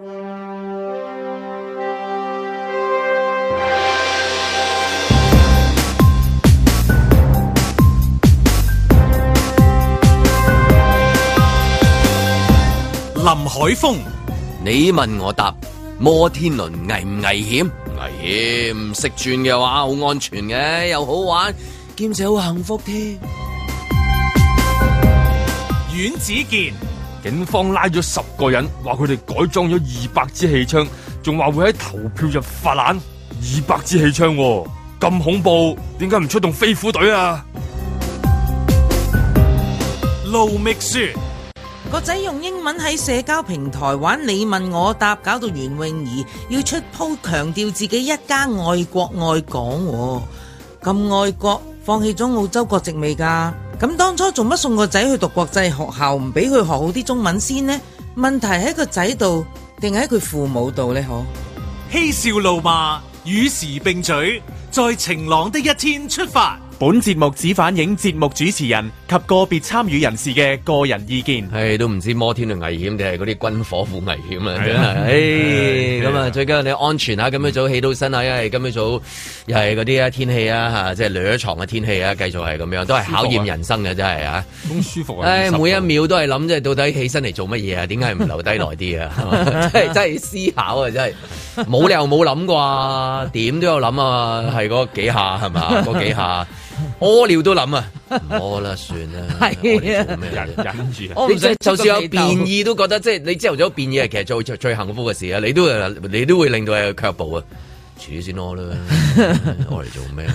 林海峰，你問我答，摩天輪危唔危險？危險，唔識轉嘅話好安全嘅，又好玩，兼且好幸福添。阮子健。警方拉咗十個人，話佢哋改裝咗二百支氣槍，仲話會喺投票入發難。二百支氣槍、啊，咁恐怖，點解唔出動飛虎隊啊路 o w m 個仔用英文喺社交平台玩你問我答，搞到袁詠儀要出鋪強調自己一家愛國愛港，咁愛國。放棄咗澳洲國籍未噶？咁當初做乜送個仔去讀國際學校，唔俾佢學好啲中文先呢？問題喺個仔度定喺佢父母度呢？嗬？嬉笑怒罵，與時並舉，在晴朗的一天出發。本節目只反映節目主持人及個別參與人士嘅個人意見。哎。誒，都唔知摩天輪危險定係嗰啲軍火庫危險啊！咁啊，哎哎，啊，啊，最緊要你安全啊！咁，嗯，樣早起到身啊，因為今朝早又係嗰啲啊天氣啊吓，即係咗床嘅天氣啊，繼續係咁樣，都係考驗人生嘅真係啊！咁舒服啊，真舒服啊，哎！每一秒都係諗，即係到底起身嚟做乜嘢啊？點解唔留低耐啲啊？真係 真係思考啊！真係冇理由冇諗啩？點都有諗啊！係嗰幾下係嘛？嗰幾下。 屙尿都諗啊，唔屙啦算啦，係啊，忍忍住，就算有便意都覺得 即係你朝頭早便意係其實最 最幸福嘅事啊，你都你都會令到係腳步啊，住 先屙啦，我嚟做咩？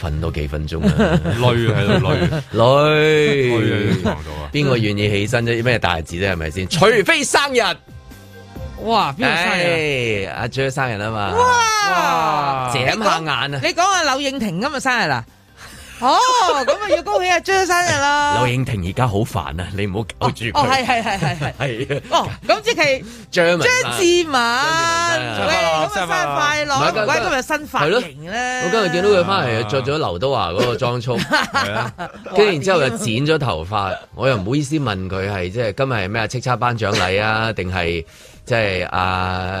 瞓 多幾分鐘啊， 累喺度累累，喺床度啊，邊個願意起身啫？咩 大字啫？係咪先？除非生日。哇！唉，阿張生日啊嘛、啊！哇，眨下眼啊！你講下柳應廷今日生日啦、啊？ 哦，咁啊要恭喜阿張生日啦、啊 哎！柳應廷而家好煩啊！你唔好搞住佢哦，係係係係係啊！哦，咁、哦 哦、即係張文張志文，咁啊生日啊 生快樂！唔 怪今日新髮型，我今日見到佢翻嚟着咗劉德華嗰個裝束，跟 住然之後又剪咗頭髮， 我又唔好意思問佢係即係今日係咩叱咤頒獎禮啊，定係？即係阿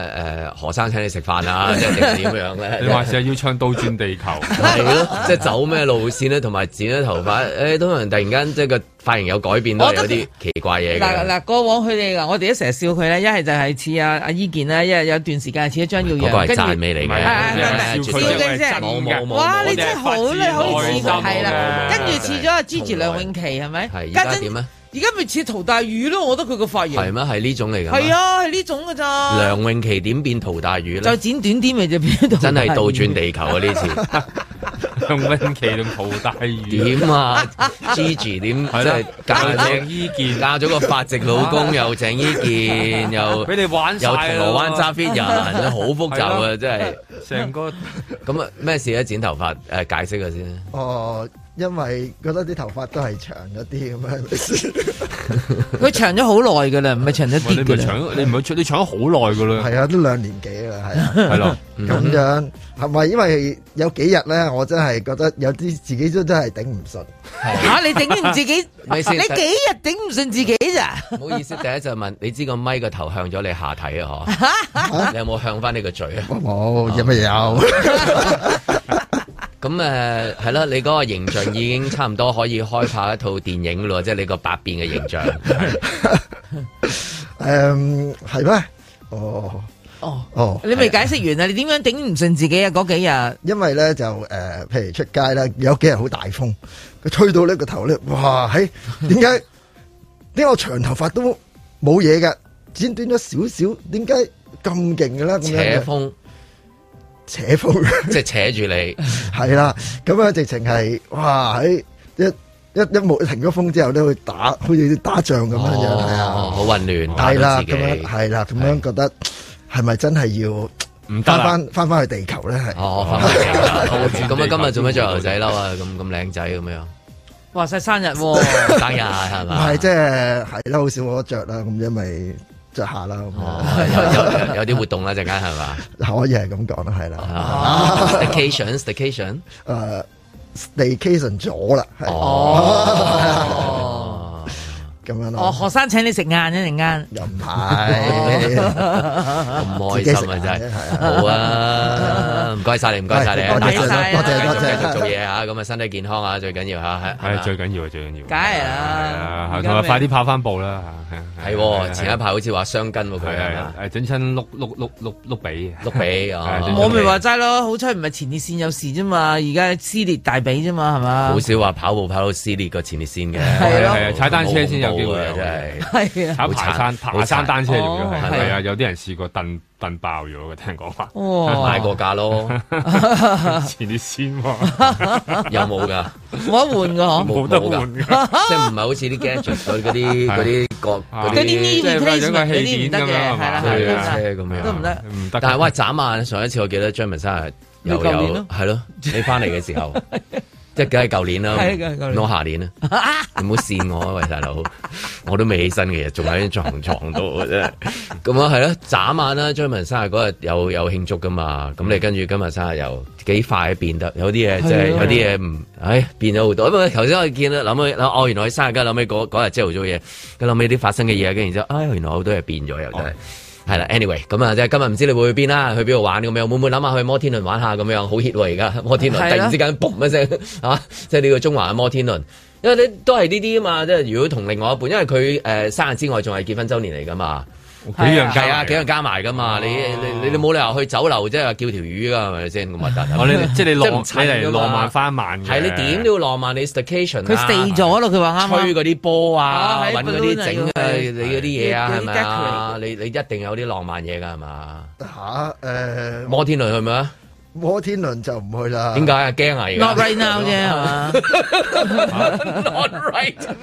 誒何生請你食飯啊，即係點樣咧？你話似係要唱倒轉地球，係咯？即係走咩路線咧？同埋剪咗頭髮，誒通常突然間即係個髮型有改變啦，有啲奇怪嘢嘅。嗱嗱，過往佢哋，我哋都成日笑佢咧，一係就係似阿阿伊健咧，一係有段時間似張耀揚，跟住咪嚟嘅，笑嘅啫，哇！你真係好，你好似係啦，跟住似咗阿 Gigi 梁詠琪，係咪？係，而家點咧？而家咪似陶大宇咯，我覺得佢個髮型係咩？係呢種嚟噶？係啊，係呢種噶咋？梁詠琪點變陶大宇咧？就剪短啲咪就變？真係倒轉地球啊！呢次 梁詠琪同陶大宇點啊？Gigi 點真係嫁鄭伊健，嫁、就、咗、是、個法籍老公又鄭伊健又俾你玩晒啦！又銅鑼灣揸 fit 人，好 複雜啊！真係成個咁啊！咩 事啊？剪頭髮誒，解釋下先。哦、uh,。因為覺得啲頭髮都係長咗啲咁啊，佢長咗好耐噶啦，唔係長一啲你唔長，你唔係你，你長咗好耐噶啦。係啊，都兩年幾啦，係啊。係 咯，咁樣係咪？因為有幾日咧，我真係覺得有啲自己都真係頂唔順。吓、 啊，你頂唔自己？ 你幾日頂唔順自己咋？唔 好意思，第一就問你，知個咪個頭向咗你下體 啊？嗬。你有冇向返你個嘴啊？冇，有乜嘢有？ 咁、嗯、誒，係啦，你嗰個形象，已經差唔多可以開拍一套電影咯，即 係你個百變嘅形象。誒、 um,，係、oh, 咩、oh, oh,？哦，哦，哦，你未解釋完啊？你點樣頂唔順自己啊？嗰幾日？因為咧就誒，譬、呃、如出街啦，有幾日好大風，佢吹到呢個頭咧，哇！喺點解？點解 我長頭髮都冇嘢㗎？剪短咗少少，點解咁勁嘅咧？扯風。扯風，即係扯住你，係啦，咁啊，直情係哇喺一一一冇停咗風之後咧，會打，好似打仗咁樣樣，係啊，好混亂，係啦，咁樣，係啦，咁樣覺得係咪真係要翻翻翻翻去地球咧？係哦，翻翻地球，咁啊，今日做咩着牛仔褸啊？咁咁靚仔咁樣，話晒生日，生日係嘛？唔係，即係係啦，好少我着啦，咁因為。着下啦，有有有啲活動啦，陣間係嘛？嗱，可以係咁講啦，係啦。Staycation，staycation，誒，staycation 咗啦，係。啊、哦，學生請你食晏一陣間，又唔係咁開心啊！真係、啊、好啊，唔該晒你，唔該晒你、啊，多謝，多謝，多，謝多謝，繼續，繼續做嘢嚇，咁啊身體健康啊最緊要嚇，係最緊要啊，啊、哎、最緊要、啊，梗係啦，同埋、啊、快啲跑翻步啦嚇，係喎、啊啊啊啊、前一排好似話傷筋喎佢，係係整親碌碌碌碌碌髀碌髀我咪話齋咯，好彩唔係前列腺有事啫嘛，而家撕裂大髀啫嘛係嘛？好少話跑步跑到撕裂個前列腺嘅，係咯，踩單車先有。機會真係，係啊，踩爬山，爬山單車仲要係，係啊,啊,啊,啊，有啲人試過蹬蹬爆咗嘅，聽人講話，太過價咯， 前啲先喎， 有冇噶？冇得換噶，冇得換噶，即係唔係好似啲 gadget，佢嗰啲嗰啲啲，嗰 啲，即啲，有啲、啊，器啲，得啲，係啦係啦，都唔得，唔得。但係喂，眨眼！上一次我記得張文生係又有，係咯，你翻嚟嘅時候。 即梗係舊年啦，攞下年啊， 你唔好蝕我啊，喂大佬，我都未起身嘅，仲喺床牀度啫。咁 啊，係咯，眨眼啦，張文生日嗰日又有有慶祝噶嘛？咁、嗯、你跟住今日生日又幾快啊、就係？變得有啲嘢真係有啲嘢唔，唉變咗好多。因為頭先我見啦，諗起哦，原來喺生日跟住諗起嗰嗰日朝早嘢，跟諗起啲發生嘅嘢，跟住然之後就，唉、哎，原來好多嘢變咗又真係。哦係啦，anyway，咁啊，即係今日唔知你會去邊啦，去邊度玩咁樣，會唔會諗下去摩天輪玩下咁樣？好 hit 喎，而家摩天輪突然之間嘣一聲，即係呢個中華嘅摩天輪，因為你都係呢啲啊嘛，即係如果同另外一半，因為佢誒生日之外，仲係結婚周年嚟噶嘛。幾樣計啊，幾樣加埋噶嘛？你你你冇理由去酒樓即係叫條魚噶，係咪先咁核突？哦，你即係你浪漫，浪漫翻一萬。係你點都要浪漫，你 station。佢四咗咯，佢話。吹嗰啲波啊，揾嗰啲整啊，你嗰啲嘢啊，係咪你你一定有啲浪漫嘢噶係嘛？嚇誒！摩天輪係咪啊？摩天輪就唔去啦，點解啊？驚啊！而家。Not right now 啫。Not right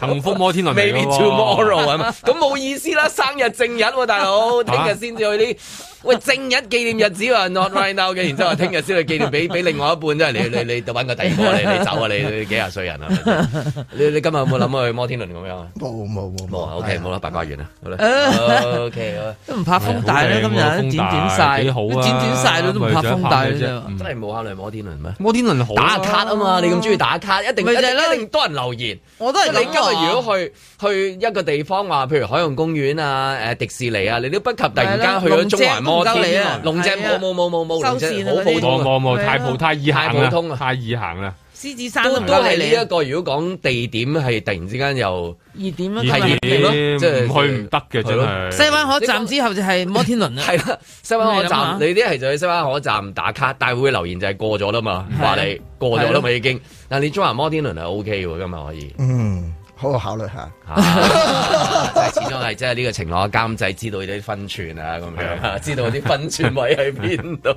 now。幸福摩天輪。Maybe tomorrow 啊嘛，咁冇意思啦！生日正日，大佬，聽日先至去啲。喂，正日紀念日子喎，not right now 嘅，然之後聽日先去紀念，俾俾另外一半即係。你你你揾個第二個，你你，個你，你走啊，你你幾廿歲人啊？你你今日有冇諗去摩天輪咁樣啊？冇冇冇冇 o k 冇啦，八卦完啦，好、啊、啦 okay,，OK，都唔怕風大啦，今日點點曬剪，剪，剪，剪好啊？點點曬都唔怕風大啫，真係冇考慮摩天輪咩？摩天輪好打卡啊嘛、啊，你咁中意打卡，一定、啊一定啊、一定多人留言。我都係、啊、你今日如果去去一個地方話，譬如海洋公園啊、誒迪士尼啊，你都不及突然間去咗中環我點龍脊冇冇冇冇冇龍脊好普通，太普太易行啦，太易行啦。獅子山都係你一個，如果講地點係突然之間又熱點咯、啊，太熱點咯，即係去唔得嘅西灣河站之後就係摩天輪啦、啊。係 啦、啊，西灣河站，你啲係就去西灣河站打卡，大會嘅留言就係過咗啦嘛，話、啊、你過咗啦嘛已經。但係你中埋摩天輪係 O K 嘅，今日可以。嗯，好，好啦下。啊！即係始終係，即係呢個情況監製知道啲分寸啊，咁樣知道啲分寸位喺邊度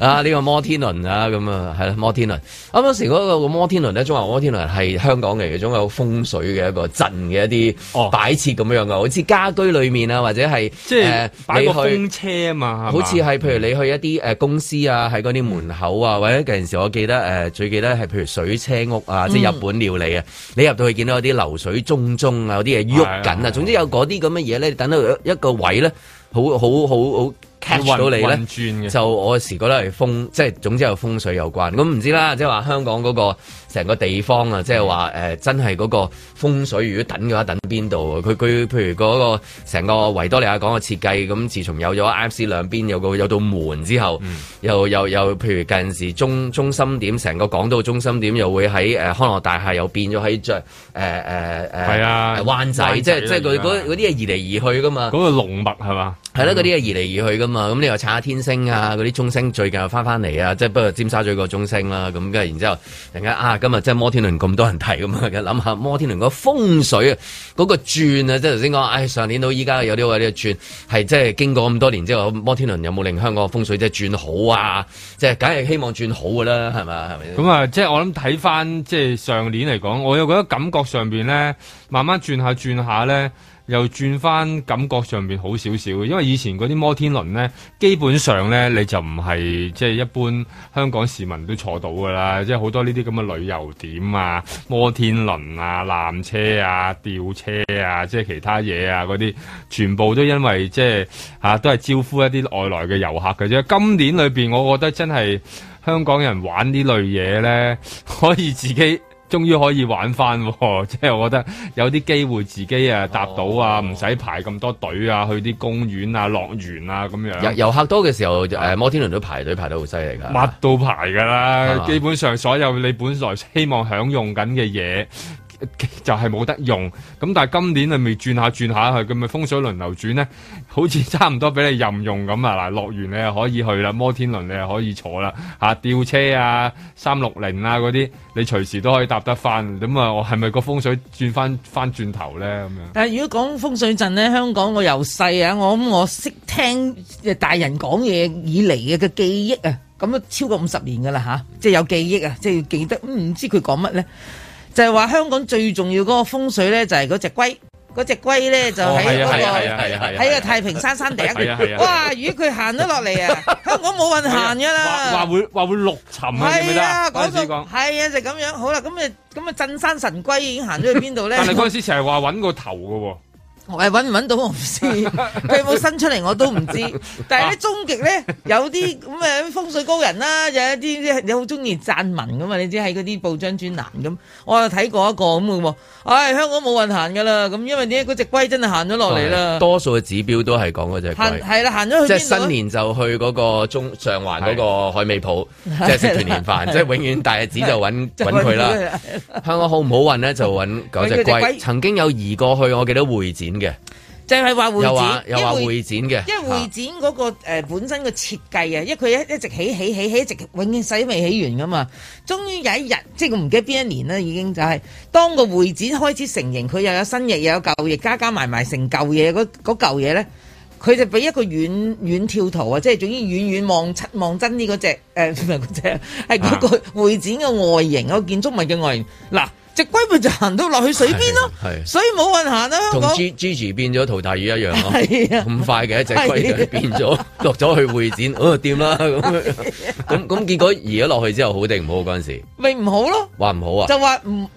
啊？呢、這個摩天輪啊，咁啊係啦，摩天輪啱啱時嗰個摩天輪咧，中華摩天輪係香港嚟嘅，總有風水嘅一個鎮嘅一啲擺設咁樣噶，好、哦、似家居裏面啊，或者係即係擺個風車啊嘛，好似係譬如你去一啲誒公司啊，喺嗰啲門口啊，或者嗰陣時我記得誒、呃、最記得係譬如水車屋啊，即係日本料理啊、嗯，你入到去見到有啲流水。中中啊，嗰啲嘢喐緊啊，總之有嗰啲咁嘅嘢咧，等到一個位咧，好好好好。好好 Hatch、到你咧，就我時覺得係風，即總之有風水有關。咁唔知啦，即話香港嗰個成個地方啊、嗯，即係話、呃、真係嗰個風水，如果等嘅話，等邊度？佢佢譬如嗰、嗰個成個維多利亞港嘅設計，咁自從有咗 IFC 兩邊有個有道門之後，嗯、又又又譬如近時中中心點，成個港島中心點又會喺、呃、康樂大廈，又變咗喺著誒係啊，灣仔，灣仔即係即係嗰啲係移嚟移去噶嘛。嗰、嗰個龍脈係嘛？係、嗯、啦，嗰啲係移嚟移去噶嘛。啊！咁你又查下天星啊？嗰啲中星最近又翻翻嚟啊！即係不過尖沙咀個中星啦，咁跟住然之後，人家啊，今日即係摩天輪咁多人睇咁啊！諗下摩天輪嗰風水啊，嗰、那個轉啊，即係頭先講，唉、哎，上年到依家有啲話呢個轉係即係經過咁多年之後，摩天輪有冇令香港風水即係轉好啊？即係梗係希望轉好噶啦，係咪係咪？咁啊，即係我諗睇翻即係上年嚟講，我又覺得感覺上邊咧，慢慢轉下轉下咧。又轉翻感覺上面好少少，因為以前嗰啲摩天輪呢，基本上呢，你就唔係即係一般香港市民都坐到㗎喇，即係好多呢啲咁嘅旅遊點啊、摩天輪啊、纜車啊、吊車啊，即係其他嘢啊嗰啲，全部都因為即係、啊、都係招呼一啲外來嘅遊客㗎啫。今年裏邊我覺得真係香港人玩呢類嘢呢，可以自己。終於可以玩翻，即係我覺得有啲機會自己啊搭到啊，唔使排咁多隊啊，去啲公園啊、樂園啊咁樣。遊客多嘅時候，誒摩天輪都排隊排得好犀利㗎，乜都排㗎啦， 基本上所有你本來希望享用緊嘅嘢。就係冇得用，咁但係今年你未轉下轉下去，咁咪風水輪流轉咧？好似差唔多俾你任用咁啊！嗱，樂園你又可以去啦，摩天輪你又可以坐啦，吓、啊、吊車啊、三六零啊嗰啲，你隨時都可以搭得翻。咁啊，我係咪個風水轉翻翻轉頭咧？咁樣？但係如果講風水陣咧，香港我由細啊，我諗我，我識聽大人講嘢以嚟嘅記憶啊，咁啊超過五十年噶啦吓，即係有記憶啊，即係要記得，唔知佢講乜咧？就係、是、話，香港最重要嗰個風水咧，就係嗰隻龜，嗰隻龜咧就喺嗰、那個喺個、哦啊啊啊啊啊啊啊、太平山山頂。哇！如果佢行咗落嚟啊，香港冇運行噶啦。話會話會陸沉是是啊，啊、那個？講到係啊，就咁樣。好啦，咁啊咁啊，那個、鎮山神龜已經行咗去邊度咧？ 但係嗰陣時成日話揾個頭噶喎。我係揾唔揾到我唔知，佢 有冇伸出嚟我都唔知。但係咧終極咧，有啲咁嘅風水高人啦、啊，有一啲你好中意撰文噶嘛？你知喺嗰啲報章專欄咁，我又睇過一個咁嘅喎。唉，香港冇運行噶啦，咁因為點解隻龜真係行咗落嚟啦？多數嘅指標都係講嗰隻龜。係啦，行咗，去。即係新年就去嗰個中上環嗰個海味鋪，即係食團年飯，即係永遠大日子就揾佢啦。香港好唔好運咧，就揾嗰隻龜。曾經有移過去我記得會展。嘅，就係、是、話會展，因為會展嘅，因為會展嗰、那個誒、啊、本身個設計啊，因為佢一一直起起起起，一直永遠世未起完噶嘛。終於有一日，即係佢唔記得邊一年啦，已經就係、是、當個會展開始成型，佢又有新嘢，又有舊嘢，加加埋埋成舊嘢嗰嗰舊嘢咧，佢、那個、就俾一個遠遠跳圖是遠遠啊，即係總之遠遠望望真啲嗰隻誒唔係嗰隻，係個會展嘅外形，個、啊、建築物嘅外形嗱。隻龜咪就行到落去水邊咯、啊，所以冇運行啦。同 G G 字變咗涂大宇一樣咯、啊，咁、啊啊、快嘅一隻龜變咗落咗去會展、啊，哦掂啦咁，咁咁、啊、結果移咗落去之後好定唔好嗰陣時？咪唔好咯，話唔好啊？就話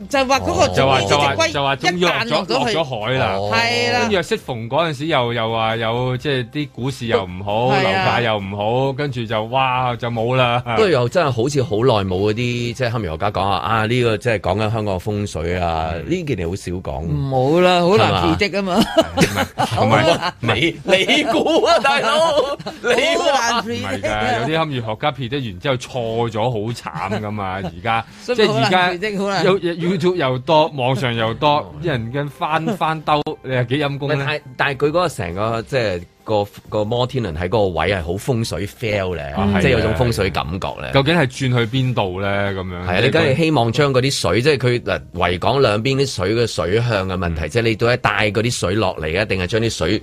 就話、是、嗰個了了就話隻龜就話咗落咗海啦，係啦，弱逢嗰陣時又又話有即係啲股市又唔好，樓價、啊、又唔好，跟住就哇就冇啦，都、啊、又真係好似好耐冇嗰啲即係黑家講啊，啊、這、呢個即係講緊香港的。風水啊，呢件嘢好少講。冇啦，好難辟積啊嘛。唔係 你你估啊，大佬，你、 啊、難追、啊。唔係噶，有啲堪輿學家辟積完之後錯咗，好慘噶嘛。而家 即係而家，好 又 YouTube 又多，網上又多，啲 人咁翻翻兜， 你係幾陰功、啊、但係但係佢嗰個成個即係。就是個、那個摩天輪喺嗰個位係好風水 fail 咧、嗯，即係有一種風水感覺咧。究竟係轉去邊度咧？咁樣係啊，你梗係希望將嗰啲水，那個、即係佢嗱維港兩邊啲水嘅水向嘅問題，嗯、即係你到底帶嗰啲水落嚟啊，定係將啲水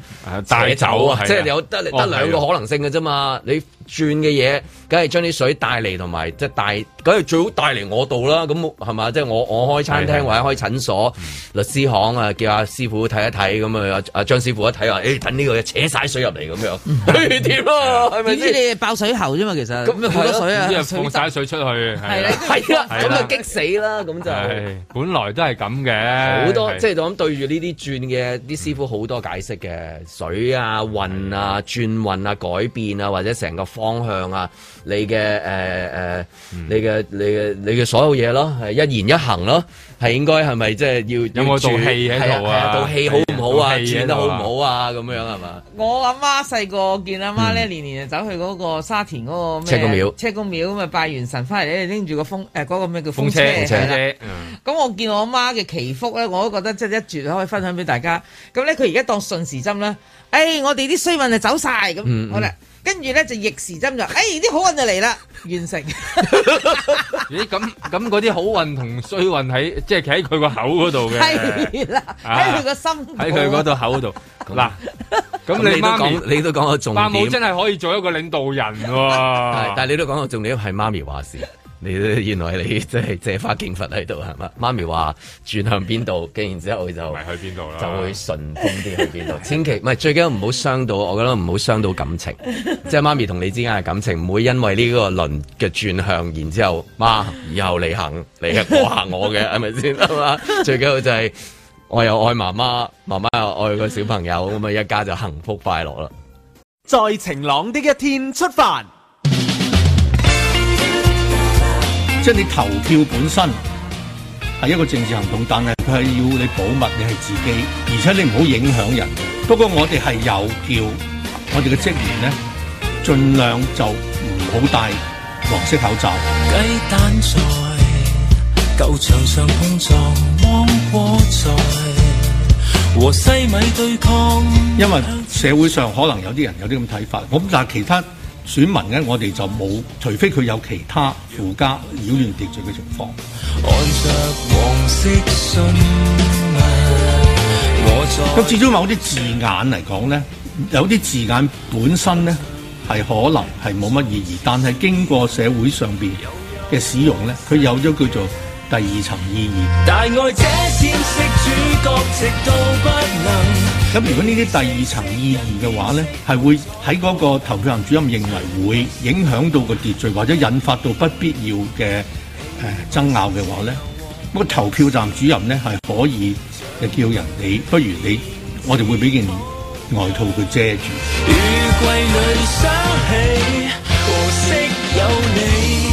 帶走啊？走即係有得得兩個可能性嘅啫嘛，你。轉嘅嘢，梗係將啲水帶嚟，同埋即係帶，梗係最好帶嚟我度啦。咁係嘛，即係我我開餐廳或者開診所、律師行啊，叫阿師傅睇一睇。咁啊，阿張師傅一睇話，誒，等呢個嘢扯晒水入嚟咁樣，點 啊？點知你爆水喉啫嘛？其實咁好多水啊，放晒水出去，係啦，係啦，咁就激死啦，咁就 是的 本來都係咁嘅，好多即係咁對住呢啲轉嘅，啲師傅好多解釋嘅水啊、運啊、轉運啊、改變啊，或者成個。方向啊，你嘅誒誒，你嘅你嘅你嘅所有嘢咯，係一言一行咯，係應該係咪即係要？有我做戲喺度啊？做戲、啊啊、好唔好啊？演、啊啊、得好唔好啊？咁、啊、樣係嘛？我阿媽細個見阿媽咧，年年就走去嗰個沙田嗰個車,車公廟，車公廟咁啊拜完神翻嚟咧拎住個風誒嗰個咩叫風車，風車咁、嗯、我見我阿媽嘅祈福咧，我都覺得即係一絕可以分享俾大家。咁咧佢而家當順時針啦，誒、哎、我哋啲衰運就走晒。咁好啦。嗯嗯跟住咧就逆時針就，哎！啲好運就嚟啦，完成 、哎。咦、嗯？咁咁嗰啲好運同衰運喺，即係企喺佢個口嗰度嘅。喺佢個心，喺佢嗰度口嗰度。嗱，咁你都講，你都講個重點。爸媽真係可以做一個領導人、啊。但係你都講得重點係媽咪話事。你原來你即係借花敬佛喺度係嘛？媽咪話轉向邊度，跟然後之後就去邊度啦，就會順風啲去邊度。 千祈唔係最緊要唔好傷到，我覺得唔好傷到感情，即 係媽咪同你之間嘅感情，唔會因為呢個輪嘅轉向，然後之後媽以後你行，你嘅我行我嘅，係咪？先係嘛？ 最緊要就係、是、我又愛媽媽，媽媽又愛個小朋友，咁啊一家就幸福快樂啦。在晴朗的一天出發。即係你投票本身係一個政治行動，但係佢係要你保密，你係自己，而且你唔好影響人。不過我哋係有票，我哋嘅職員咧，盡量就唔好戴黃色口罩。雞蛋在舊牆上碰撞，芒果在和西米對抗。因為社會上可能有啲人有啲咁睇法，咁但係其他。選民咧，我哋就冇，除非佢有其他附加擾亂秩序嘅情況。咁 至終某啲字眼嚟講咧，有啲字眼本身咧係可能係冇乜意義，但係經過社會上面嘅使用咧，佢有咗叫做。第二層意義，咁如果呢啲第二層意義嘅話咧，係會喺嗰個投票站主任認為會影響到個秩序，或者引發到不必要嘅誒、呃、爭拗嘅話咧，嗰個投票站主任咧係可以嘅叫人哋，不如你，我哋會俾件外套佢遮住。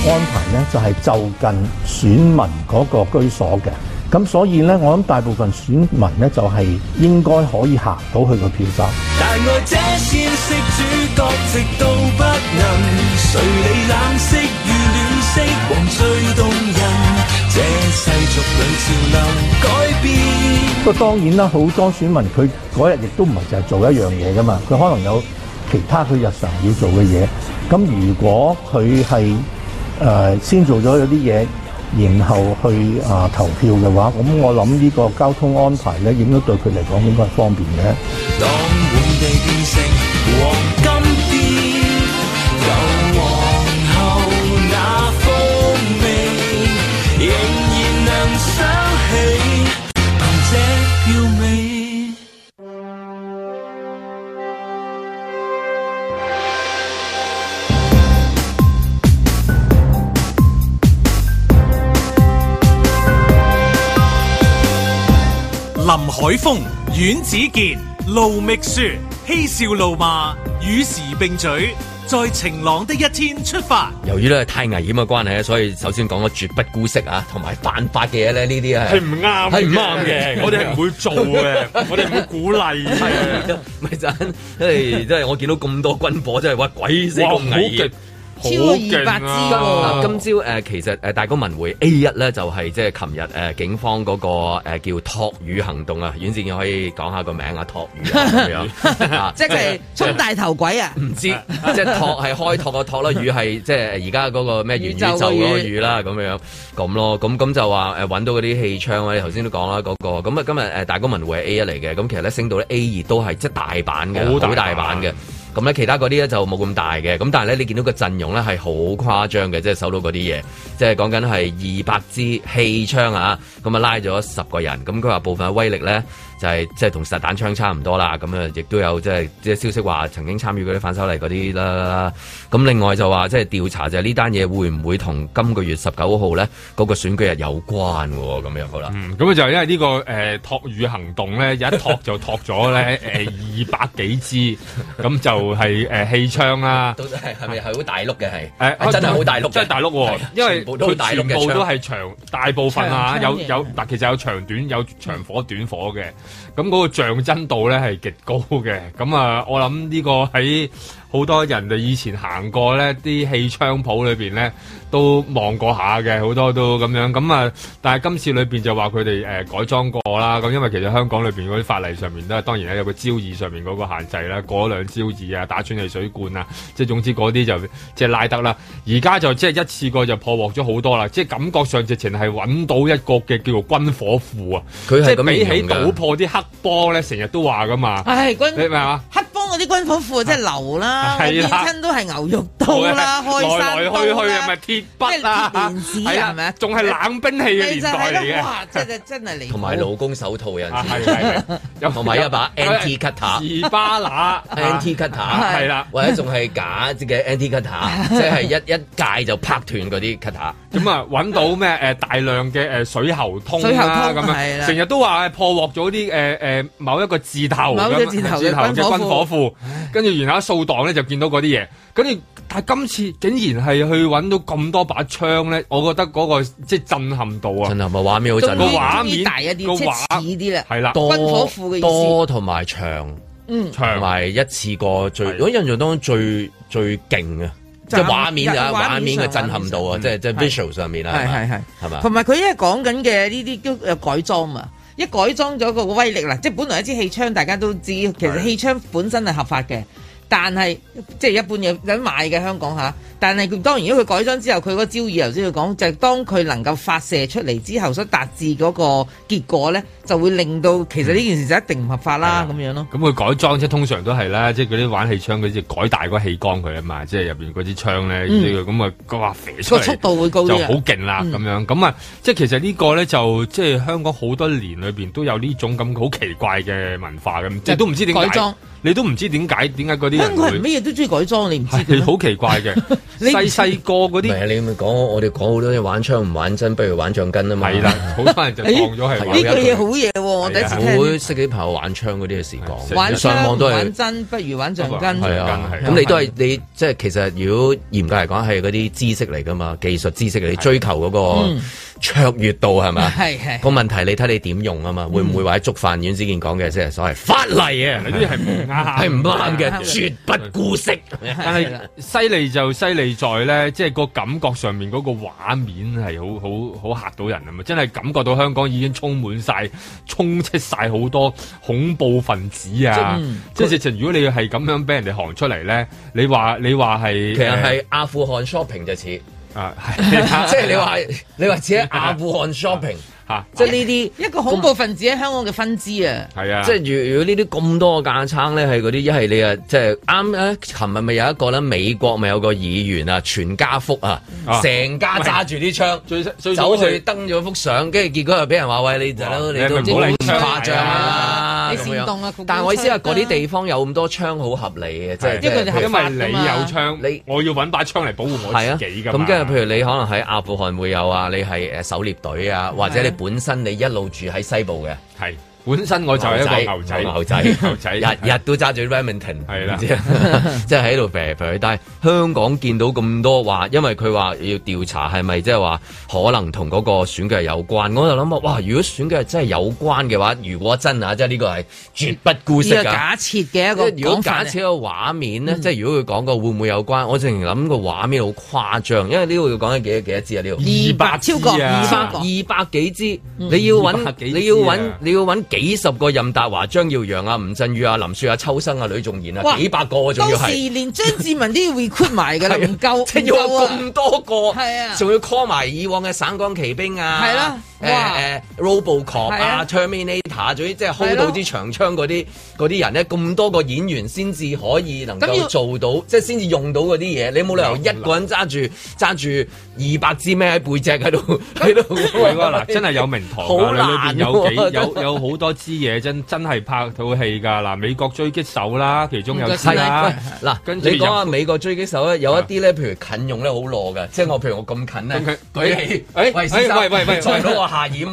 安排呢，就係、是、就近選民嗰個居所嘅，咁所以呢，我諗大部分選民呢，就係、是、應該可以行到去個票站但愛者消息主角直到不能誰理冷色如暖色黃最動人這世俗裏潮流改變不過當然啦，好多選民佢嗰日亦都唔係就係做一樣嘢㗎嘛，佢可能有其他佢日常要做嘅嘢，咁如果佢係……誒先做咗有啲嘢，然後去啊投票嘅話，咁我諗呢個交通安排咧，應該對佢嚟講應該係方便嘅。林海峰、阮子健、盧覓雪嬉笑怒罵，與時並舉，在晴朗的一天出發。由於咧太危險嘅關係咧，所以首先講個絕不姑息啊，同埋犯法嘅嘢咧，呢啲係係唔啱，係唔啱嘅，我哋係唔會做嘅， 我哋唔會鼓勵嘅。咪就係，真係我見到咁多軍火，真係話鬼死咁危險。超過二百支、啊、今朝、呃、其實、呃、大公文匯 A 一咧，就係即係琴日警方嗰、那個、呃、叫託魚行動、行動 啊。遠志又可以講下個名啊，託魚咁樣即係充大頭鬼啊？唔、啊、知道 即是託託是，即係託係開託個託啦，魚係即係而家嗰個咩元宇宙個魚啦，咁樣咁咯，咁咁就話誒揾到嗰啲氣槍，你頭先都講啦嗰個。咁啊今日、呃、大公文會 A 一嚟嘅，咁其實咧升到 A 二都係即係大版嘅，好大版嘅。咁咧，其他嗰啲咧就冇咁大嘅，咁但係咧，你見到個陣容咧係好誇張嘅，即係收到嗰啲嘢，即係講緊係二百支氣槍啊，咁啊拉咗十個人，咁佢話部分嘅威力咧。就係即係同實彈槍差唔多啦，咁啊，亦都有即係即係消息話曾經參與嗰啲反修例嗰啲啦。咁另外就話即係調查就係呢單嘢會唔會同今個月十九號咧嗰個選舉日有關喎？咁樣好啦。咁、嗯、就因為呢、這個誒、呃、託與行動咧，一託就託咗咧二百幾支，咁就係、是、誒、呃、氣槍啦、啊。都係係咪係好大碌嘅？係真係好大碌、欸呃，真係大碌、大碌、喔。因為佢全部都係長，大部分啊有有，其實有長短，有長火短火嘅。 咁、那、嗰個象真度咧係極高嘅，咁啊，我諗呢個喺。好多人就以前行過咧，啲氣槍鋪裏面咧都望過下嘅，好多都咁樣咁啊！但係今次裏面就話佢哋改裝過啦，咁因為其實香港裏面嗰啲法例上面都係當然有個焦耳上面嗰個限制啦，過兩焦耳啊，打穿汽水罐啊，即係總之嗰啲就即係拉得啦。而家就即一次過就破獲咗好多啦，即係感覺上直情係揾到一個嘅叫做軍火庫啊！佢即係比起倒破啲黑幫呢」咧，成日都話噶嘛，哎、呀軍你係，嘛？黑幫」嗰啲軍火庫即係流啦。啊係啦，都係牛肉刀啦，來來去去係咪鐵筆啊？係咪啊？仲係冷兵器嘅年代嚟嘅，真係真係同埋老公手套人，又同埋一把 NT cutter，士巴拿 NT cutter，係啦，或者仲係假嘅 NT cutter，即係一 一界就拍斷嗰啲 cutter。咁啊，揾到咩？誒，大量嘅誒水喉通啦，咁啊，成日都話破獲咗啲誒誒某一個字頭，某一個字頭嘅軍火庫，跟 住然後掃蕩咧。就見到嗰啲嘢，跟住但係今次竟然係去揾到咁多把槍咧，我覺得嗰、嗰個即係震撼度啊！震撼啊，畫面好震，撼，個畫面，畫面大一啲，個畫似啲啦，係啦，軍火嘅多同埋長，嗯，同埋一次過最，我印象當中最最勁啊，即係畫面啊，畫面嘅震撼度啊、嗯，即係即係 visual 上面啊，係係係，係嘛？同埋佢一為講緊嘅呢啲都有改裝啊，一改裝咗個威力嗱，即係本來一支氣槍，大家都知，其實氣槍本身係合法嘅。但係即係一般嘢想買嘅香港吓，但係當然，如果佢改裝之後，佢嗰招頭先去講，就係、當佢能夠發射出嚟之後，所達至嗰個結果咧，就會令到其實呢件事就一定唔合法啦，咁、嗯啊、樣咯、啊。咁佢改裝即係通常都係啦，即係嗰啲玩氣槍嗰啲，改大個氣缸佢啊嘛，即係入邊嗰支槍咧，咁、嗯、啊，嘩射出嚟速度會高嘅，就好勁啦咁樣。咁啊，即係其實呢個咧就即係香港好多年裏邊都有呢種咁好奇怪嘅文化嘅，即係都唔知點改裝。你都唔知點解點解嗰啲香佢唔乜嘢都中意改裝，你唔知你好奇怪嘅。 你細細個嗰啲，你咪講我，我哋講好多嘢玩槍唔玩真，不如玩橡筋啊嘛。係啦，好多人就講咗係。呢句嘢好嘢，我第一次識啲朋友玩槍嗰啲嘅時講。玩上網都係玩真不如玩橡筋。係啊，咁你都係你即係其實如果嚴格嚟講係嗰啲知識嚟噶嘛，技術知識嚟，你追求嗰、嗰個。嗯卓越到係嘛？係係、個問題，你睇你點用啊嘛？嗯、會唔會話喺觸犯咗之前講嘅即係所謂法例啊？呢啲係係唔啱嘅，絕不姑息。但係犀利就犀利在咧，即係個感覺上面嗰個畫面係好好好嚇到人啊嘛！真係感覺到香港已經充滿晒、充斥晒好多恐怖分子啊！即係直情，如果你係咁樣俾人哋行出嚟咧，你話你話係其實係阿富汗 shopping 就似。啊，即係你話你話自己阿富汗 shopping。吓、啊，即係呢啲一個恐怖分子喺香港嘅分支啊！係啊，啊，即係如如果呢啲咁多架槍咧，係嗰啲一係你啊，即係啱咧。琴日咪有一個咧，美國咪有個議員啊，全家福啊，成家揸住啲槍，走、啊、去登咗幅相，跟住結果又俾人話喂你、哦、你，你都你都唔誇張啊，你先當啊！但係我意思係嗰啲地方有咁多槍好合理嘅，啊、即係因為你有槍，你我要揾把槍嚟保護我自己㗎。咁跟住譬如你可能喺阿富汗會有啊，你係誒狩獵隊啊，啊或者你。本身你一路住喺西部嘅，係。本身我就係一個牛仔牛仔，牛仔，牛，仔牛仔，日 日，日都揸住 Remington 係啦，即係喺度飛飛。但係香港見到咁多話，因為佢話要調查係咪即係話可能同嗰個選舉有關。我就諗啊，哇！如果選舉係真係有關嘅話，如果真啊，即係呢個係絕不姑息㗎。呢、呢個假設嘅一個講法。如果假設個畫面咧、嗯，即係如果佢講過會唔會有關？我正諗個畫面好誇張，因為呢度要講緊幾多幾多支啊？呢度二百超過二百二百幾支，你要揾、嗯、你要揾你要，揾你要揾幾十個任達華、張耀揚啊、吳鎮宇啊、林雪啊、秋生啊、呂仲賢啊，幾百個仲、啊、要係，當時連張智文都要 recruit 埋㗎啦，唔、 啊、夠，即、啊、要咁多個，啊，仲要 call 埋以往嘅省港奇兵啊，啦、啊，誒、啊啊、RoboCop 啊、啊 Terminator，仲要即係 hold 到支長槍嗰啲嗰啲人咧，咁多個演員先至可以能夠做到，即係先至用到嗰啲嘢，你冇理由一個人揸住揸住。二百支咩喺背脊喺度？你話嗱，真係有名堂噶， 裏邊有幾 有有好多支嘢，真真係拍套戲噶嗱。美國狙擊手啦，其中有一支啦。嗱，跟住你講下美國狙擊手咧，有一啲咧，譬如近用咧，好攞嘅。即係我譬如我咁近咧，佢、okay.，誒、欸，喂，喂，喂，喂，老闆下演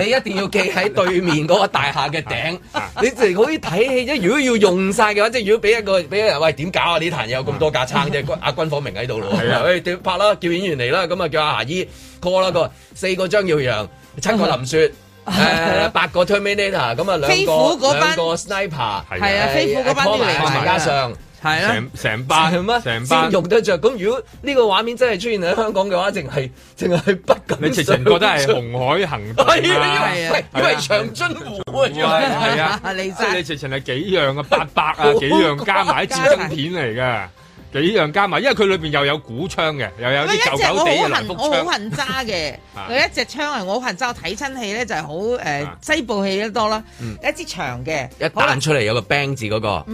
你一定要記喺對面嗰個大廈嘅頂， 你哋可以睇戲啫。如果要用晒嘅話，即係如果俾一個俾人喂點搞啊？呢壇有咁多架撐啫，阿 軍、啊、火明喺度咯，係 拍啦，叫演員嚟啦。咁啊，叫阿牙姨，call 啦個，個，四個張耀揚，七個林雪，誒、mm -hmm. 呃，八個 Terminator 咁啊，兩個個 sniper，係啊，飛虎嗰班，加上係啊，成成班，乜，成班用得着。咁如果呢個畫面真係出現喺香港嘅話，淨係淨係不近。你直情覺得係紅海行動啊？係啊，以為長津湖啊，係啊，你真，你直情係幾樣啊？八百啊，幾樣加埋戰爭片嚟噶。幾樣加埋，因為佢裏邊又有古槍嘅，又有啲舊舊地雷。我一隻我好恨，我好恨揸嘅。佢 一隻槍啊，我好恨揸。我睇親戲咧就係好誒，西部戲得多啦、嗯。一支長嘅，一彈出嚟有個 bang 字嗰、那個。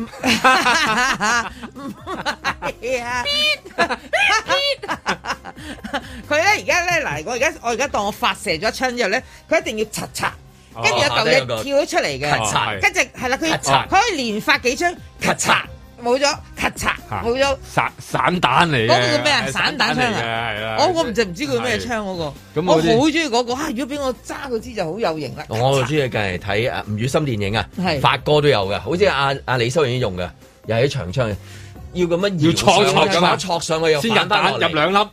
佢咧而家咧嗱，我而家我而家當我發射咗一槍之後咧，佢一定要嚓嚓，跟、哦、住有嚿嘢、那個、跳咗出嚟嘅。跟住係啦，佢、哦、佢可以連發幾槍咔嚓。叉叉冇咗，咔嚓！冇咗，散散彈嚟嘅。嗰個叫咩啊？散彈槍、嚟、啊？我我唔就唔知佢咩槍嗰個，我好中意嗰個。如果俾我揸佢支就好有型啦。我就中意近嚟睇啊吳宇森電影啊，發哥都有嘅，好似阿阿李修賢用嘅，又係長槍，要咁樣戳上嘅嘛，戳上佢又先,先,先入彈入兩粒。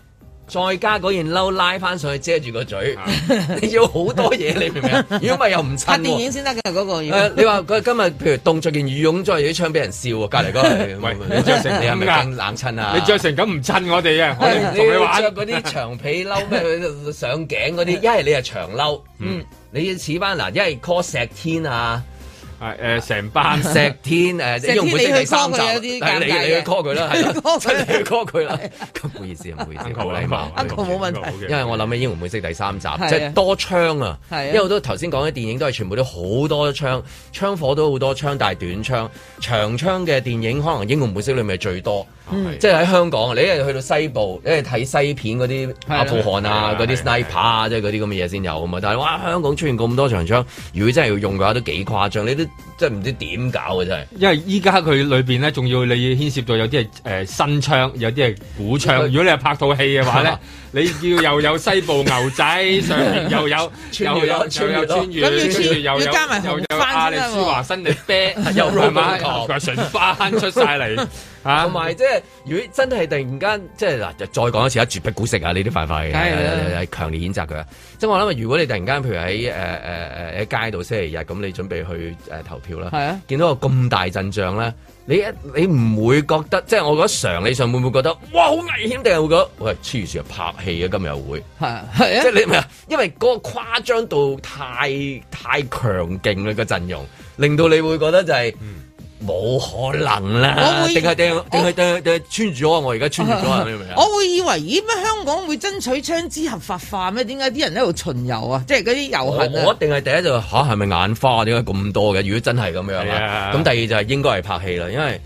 再加嗰件褸拉翻上去遮住個嘴， 你要好多嘢你明唔明？如果唔係又唔襯，哦。拍電影先得㗎嗰個要。哎、你話佢今日譬如凍著件羽絨再有啲槍俾人笑喎，隔籬嗰位。喂，你着成你係咪更冷襯啊，啊？你着成咁唔襯我哋嘅，啊， 我哋唔同你玩。着嗰啲長皮褸咩上頸嗰啲，一係你係長褸，嗯，嗯，你要似翻嗱，一係 call 石天啊。誒、呃、成班石天誒， 英雄本色第三集，係你去係你 call 佢啦，係 call 佢啦，咁唔好意思，唔好意思，好禮貌，冇、嗯嗯嗯嗯、問題，因為我諗起英雄本色第三集，即 係多槍啊， 因為我都頭先講嘅電影都係全部都好多槍， 槍火都好多槍，但係短槍、長槍嘅電影，可能英雄本色裏面係最多。啊、即係喺香港，你一去到西部，一睇西片嗰啲阿富汗啊，嗰啲 sniper 啊，即係嗰啲咁嘅嘢先有啊嘛！但係哇，香港出現咁多長槍，如果真係要用嘅話，都幾誇張。你都真係唔知點搞啊！真係。因為依家佢裏邊咧，仲要你牽涉到有啲係誒新槍，有啲係古槍。如果你係拍套戲嘅話咧，你要又有西部牛仔， 又有又有又有穿越，跟住又有又有舒華辛力加，又輪唔出晒嚟。同埋即係如果真係突然間，即係嗱，再講一次啊，絕壁股食啊，呢啲犯法嘅，強烈譴責佢。即係我諗，如果你突然間，譬如喺誒誒誒喺街度星期日咁，你準備去誒投票啦，見到個咁大陣仗咧，你你唔會覺得？即係我覺得常理上會唔會覺得哇好危險？定係會覺得喂，黐住拍戲啊，今日會係係啊？即係你唔係啊？因為嗰個誇張度太太強勁啦個陣容，令到你會覺得就係。嗯冇可能啦！定係定係穿住咗，我而家穿住咗，啊？ 我會以為咦？乜香港會爭取槍支合法化咩？點解啲人喺度巡遊啊？即係、遊行啊？即係嗰啲遊行啊？我一定係第一就嚇，係咪眼花？點解咁多嘅？如果真係咁樣啦，咁、yeah, yeah, yeah, yeah. 第二就係應該係拍戲啦，因為。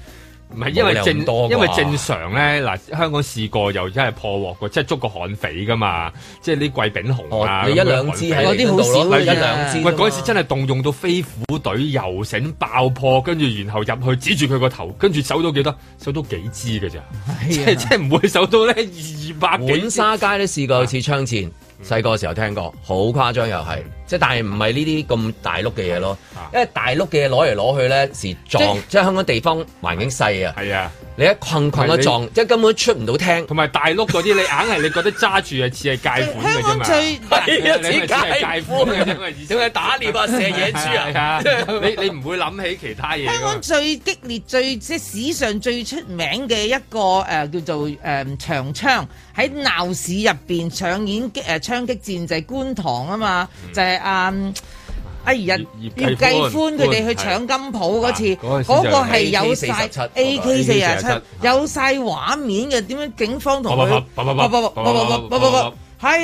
唔係，因為正多，因為正常咧嗱，香港試過又真係破獲過，即係捉個悍匪噶嘛，即係啲季炳雄啊，嗰、哦、啲好少、嗯啊，一兩支，嗰陣時真係動用到飛虎隊游繩爆破，跟住然後入去指住佢個頭，跟住搜到幾多，搜到幾支嘅咋、啊，即係即係唔會搜到咧二百幾。滿沙街咧試過次槍戰，細、啊、個、嗯、時候聽過，好誇張又係。嗯即係，但係唔係呢啲咁大碌嘅嘢咯？因為大碌嘅嘢攞嚟攞去咧，是撞即係香港地方環境細啊。係啊，你一困困個撞，是即係根本出唔到廳。同埋大碌嗰啲，你硬係你覺得揸住係似係戒款嘅啫嘛。香港最一次戒款，啊你是是是的啊啊、打獵啊， 射野豬啊！ 你你唔會諗起其他嘢。香港最激烈、最即係史上最出名嘅一個誒、呃、叫做誒、呃、長槍喺鬧市入邊上演誒、呃、槍擊戰就係、是、觀塘啊嘛，就係、是。嗯啊！阿二日葉繼歡佢哋去搶金鋪嗰次，嗰個係有晒 A K 四十七，有晒畫面嘅。點樣警方同佢？唔唔係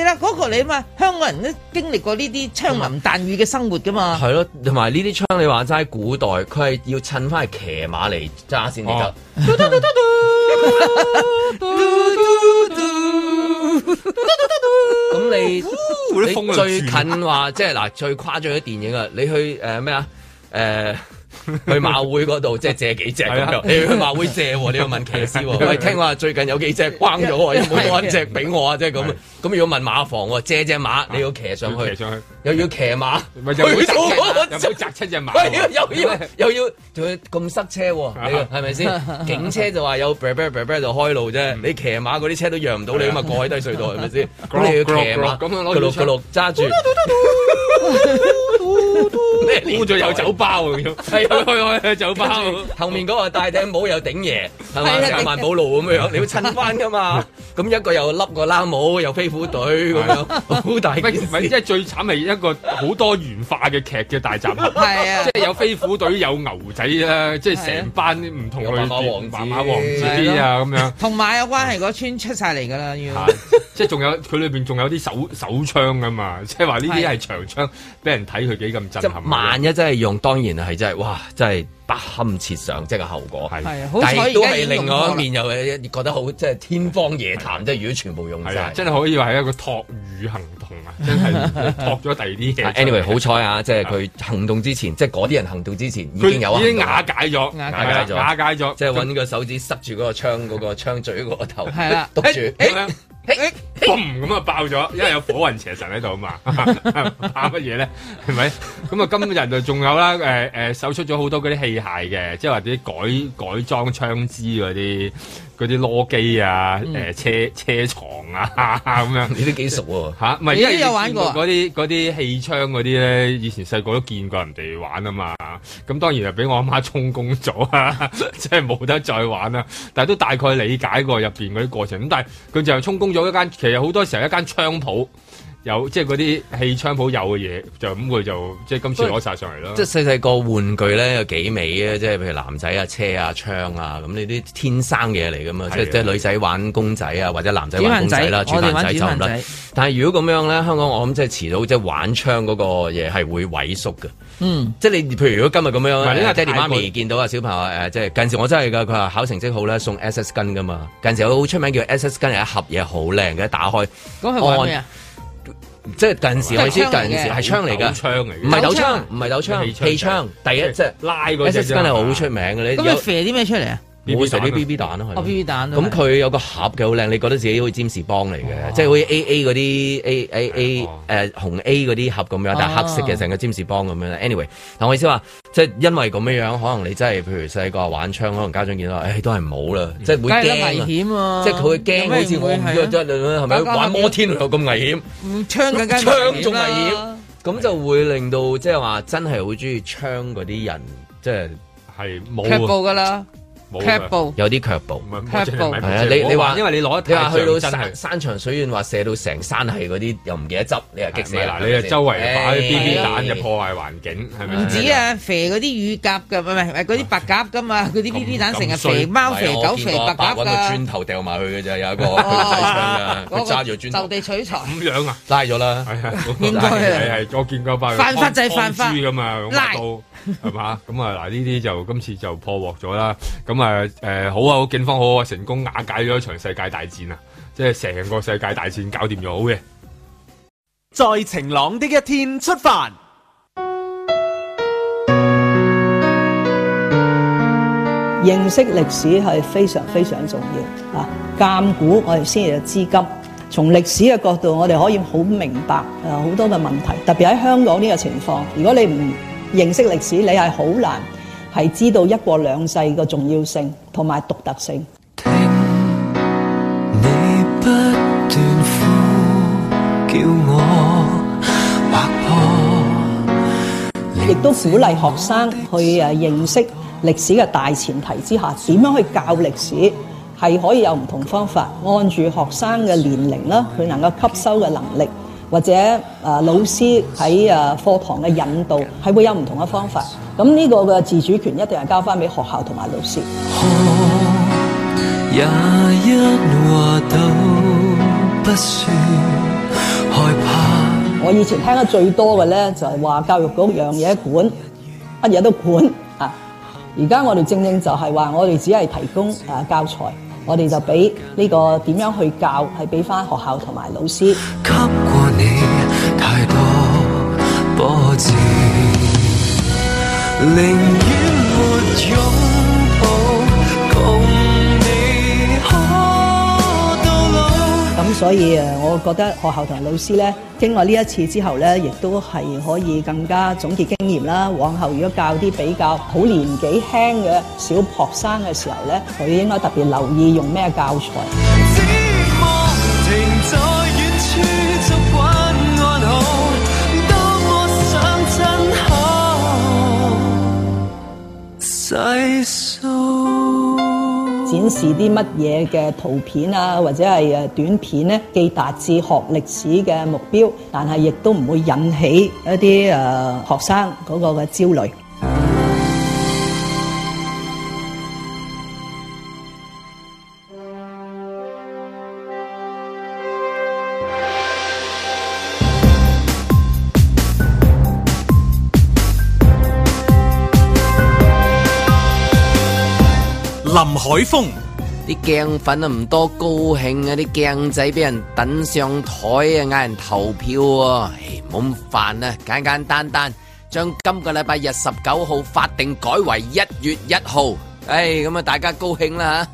啦，嗰個你啊嘛！香港人都經歷過呢啲槍林彈雨嘅生活噶嘛。係咯，同埋呢啲槍你話齋，古代佢係要趁翻去騎馬嚟揸先得。咁 你你最近話即係嗱最誇張嘅電影啊，你去誒咩啊誒。呃 去馬會嗰度即係借幾隻、啊、你要去馬會借 你要問騎師喎。唔 係聽話最近有幾隻關咗， 有冇多一隻俾我啊？即係咁，咁 要問馬房借隻馬，你要騎上去，又要騎馬，唔係又會扎出隻馬。又要馬 又要仲要咁 塞車，係咪先？ 是不是 警車就話有 Bray, Bray, Bray, Bray 就開路啫， 你騎馬嗰啲車都讓唔到 你吖嘛，過喺低隧道係咪先？咁 不是 你要騎馬咁 樣攞住碌揸住，估住又走 去去去酒吧， 後面嗰個戴頂帽有頂爺，係咪有萬寶路咁樣， 你要襯翻噶嘛？咁 一個又笠個冷帽，又飛虎隊咁樣，好大。唔係即係最慘係一個好多元化嘅劇嘅大集合，係啊，即係有飛虎隊 有，有牛仔啦、啊， 即係成班唔同嘅白馬王子啲啊咁樣，同 馬有關係嗰村出晒嚟噶啦，要。 即係仲有佢裏邊仲有啲手手槍噶嘛，即係話呢啲係長槍，俾 人睇佢幾咁震撼、啊。萬一真係用，當然係真係哇！真係不堪設想，即係個後果。係、啊，但係都係另外一面，又覺得好即係、啊、天方夜譚。即係、啊、如果全部用晒，真係可以話係一個托雨行動啊！真係托咗第二啲嘢。Anyway，好彩啊！即係佢行動之前，是啊、即係嗰啲人行動之前已經有啊，已經瓦解咗，瓦解咗，瓦解咗。即係揾個手指塞住嗰個槍嗰、嗰個槍嘴嗰頭，係 督、啊、住。 咁、hey，啊、hey。爆咗，因為有火雲邪神喺度啊嘛， 怕乜嘢咧？係 咪？ 咁啊今日就仲有啦，誒誒，搜出咗好多嗰啲器械嘅，即係話啲改改裝槍支嗰啲。嗰啲攞機啊，誒、呃、車車床啊咁樣 你啊，你都幾熟喎嚇，唔係，你都有玩過嗰啲嗰啲氣槍嗰啲咧，以前細個都見過人哋玩啊嘛，咁當然係俾我阿媽充公咗，即係冇得再玩啦，但係都大概理解過入邊嗰啲過程，咁但係佢就係充公咗一間，其實好多時候一間槍鋪。有即係嗰啲氣槍鋪有嘅嘢，就咁佢就即係今次攞晒上嚟囉。即係細細個玩具咧，有幾美啊！即係譬如男仔啊，車啊，槍啊，咁呢啲天生嘢嚟㗎嘛。即係即係女仔玩公仔啊，或者男仔玩公仔啦，煮飯仔，仔就唔得。但係如果咁樣咧，香港我諗即係遲到，即係玩槍嗰個嘢係會萎縮嘅、嗯。即係你譬如如果今日咁樣咧，爹哋媽咪見到啊，小朋友誒，即係近時我真係噶，佢話考成績好啦送 SS gun 噶嘛。近時好出名叫 SS gun，有一盒嘢好靚嘅，打開。咁係玩咩啊？即係近時，是是我知近時係槍嚟㗎，唔係斗槍，唔係斗槍，槍，氣槍。第一即係拉嗰隻真係好出名嘅咧。咁你射啲咩出嚟啊？會成啲 B B 彈咯，啊 B B 彈，咁佢、嗯、有個盒嘅好靚，你覺得自己好似占士邦嚟嘅，即係好似 A A 嗰啲 A A A 誒、呃、紅 A 嗰啲盒咁樣，哦、但係黑色嘅成個占士邦咁樣。哦、anyway，嗱我意思話，即係因為咁樣樣，可能你真係譬如細個玩槍，可能家長見到，誒、哎、都係唔好啦，即係會驚啊！危險，即係佢會驚，好似我咁樣，係咪玩摩天輪咁危險？槍更加槍仲危險、啊，咁、啊、就會令到即係話真係好中意槍啲人，即係係冇噶啦。步有啲腳步，步，步是是你你話因為你攞，你話去到山山長水遠，話射到成山係嗰啲，又唔記得執，你又激死啦！你又周圍打啲 B B 蛋嘅破壞環境，咪？唔止啊！肥嗰啲乳鴿㗎，唔係唔嗰啲白鴿㗎嘛？嗰啲 B B 蛋成日肥貓肥狗肥白鴿，揾個頭掉埋去㗎啫！有一個，佢揸住就地取材咁樣啊！拉咗啦，係係係係，我見過八個犯法仔犯法嚟。係嘛，咁啊，嗱，呢啲就今次就破獲咗啦，咁啊誒，好啊好，警方好啊，成功瓦解咗一場世界大戰啊，即係成個世界大戰搞掂咗好嘅。在晴朗的一天出發，認識歷史係非常非常重要啊，鑒古我哋先至有資金。從歷史嘅角度，我哋可以好明白誒，好、啊、多嘅問題，特別喺香港呢個情況，如果你唔認識歷史，你係好難係知道一國兩制嘅重要性同埋獨特性。亦都鼓勵學生去啊認識歷史嘅大前提之下，點樣去教歷史係可以有唔同方法，按住學生嘅年齡啦，佢能夠吸收嘅能力。或者啊，老師喺啊課堂嘅引導，係會有唔同嘅方法。咁呢個嘅自主權一定係交翻俾學校同埋老師一話都不算害怕。我以前聽得最多嘅咧，就係話教育局一樣嘢管，乜嘢都管啊！而家我哋正正就係話，我哋只係提供啊教材。我哋就俾呢個點樣去教，係俾翻學校同埋老師。給過你太多波折，寧願沒用。所以我覺得學校同老師呢，經過呢一次之後呢，亦都係可以更加總結經驗啦，往後如果教啲比較好年紀輕嘅小學生嘅時候呢，佢應該特別留意用咩教材，望停在遠處就慣安好多麼想真好細數展示啲乜嘢嘅圖片啊，或者係誒短片咧，既達至學歷史嘅目標，但係亦都唔會引起一啲誒、呃、學生嗰個嘅焦慮。海風啲鏡粉啊唔多高興啊，啲鏡仔俾人等上台啊，嗌人投票喎，冇咁煩啊，簡簡單單將今個禮拜日十九號法定改為一月一號，誒咁啊大家高興啦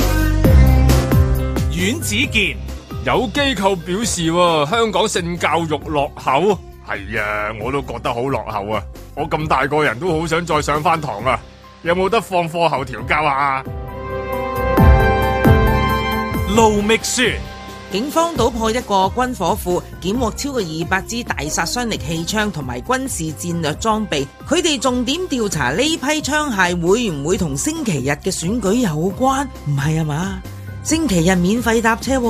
吓。阮子健，有機構表示，香港性教育落後，係啊，我都覺得好落後啊，我咁大個人都好想再上返堂啊。有冇得放課後調教啊？盧覓雪，警方搗破一個軍火庫，檢獲超過二百支大殺傷力氣槍同埋軍事戰略裝備。佢哋重點調查呢批槍械會唔會同星期日嘅選舉有關？唔係啊嘛？星期日免費搭車，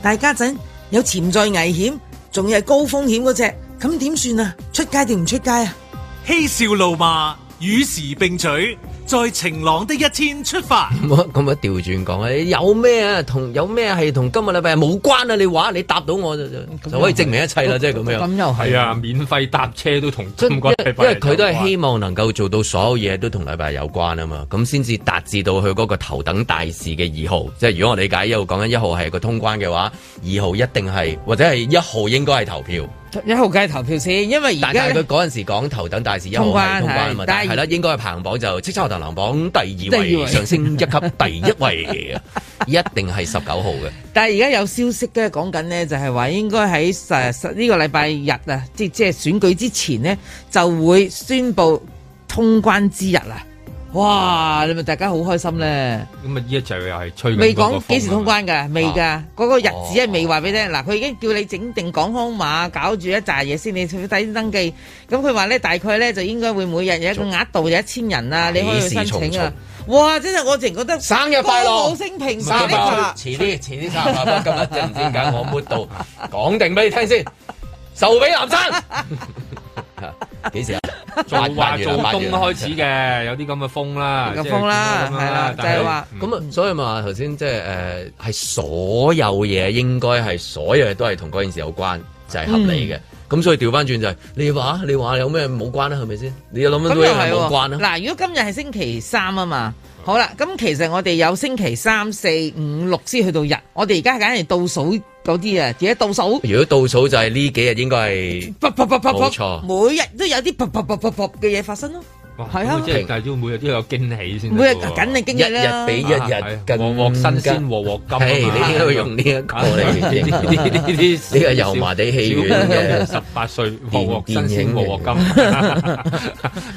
大家仔有潛在危險，仲係高風險嗰隻，咁點算啊？出街定唔出街啊？嬉笑怒罵。與時並取，在晴朗的一天出發。咁樣啊，調轉講啊，有咩啊，同有咩係同今日禮拜冇關啊？你話你答到我就，就可以證明一切啦，即係咁樣。咁又係啊，免費搭車都同，因為佢都係希望能夠做到所有嘢都同禮拜有關啊嘛，咁先至達至到佢嗰個頭等大事嘅二號。即係如果我理解一號講緊一號係個通關嘅話，二號一定係或者係一號應該係投票。一號街投票先，因為而家佢嗰陣時講頭等大事一號係通關嘛，但係啦應該係排行榜就叱吒樂壇榜第二位，第二位上升一級，第一位 一定係十九號嘅。但係而家有消息咧，講緊呢，就係話應該喺十呢個禮拜日啊，即即係選舉之前呢，就會宣布通關之日哇！你咪大家好開心咧！咁啊，呢一集又係吹未講幾時通關噶？未噶，嗰個日子係未話俾你聽。嗱，佢已經叫你整定港康碼，搞住一紮嘢先，你首先登記。咁佢話咧，大概咧就應該會每日有一個額度，有一千人啦，你可以申請啊！哇！真係，我淨覺得生日快樂，升平生。遲啲，遲啲，卅八分，今日一陣先揀我 mode 度講定俾你聽先。壽比南山。幾 時啊？做做工都開始嘅，有啲咁嘅風啦，咁風啦，係啦，就係話咁啊。所以嘛頭先，即係誒，係、就是呃、所有嘢應該係所有嘢都係同嗰件事有關，就係、是、合理嘅。咁、嗯、所以調翻轉就係、是，你話你話有咩冇關咧？係咪先？你有諗乜嘢係冇關咧？嗱、嗯，如果今日係星期三啊嘛，嗯、好啦，咁其實我哋有星期三四五六先去到日，我哋而家梗係倒數。嗰啲啊，自己倒數。如果倒數就係、是、呢幾日應該係噗噗噗噗噗噗，冇錯，每日都有啲噗噗噗噗噗嘅嘢發生咯。係啊，即係大招，每日都有驚喜先。每日梗係驚喜啦，日比一日，鑊鑊新鮮，鑊鑊金。係，你都要用呢一個嚟。呢啲呢啲呢個油麻地戲院嘅十八歲，鑊鑊新鮮鑊鑊金。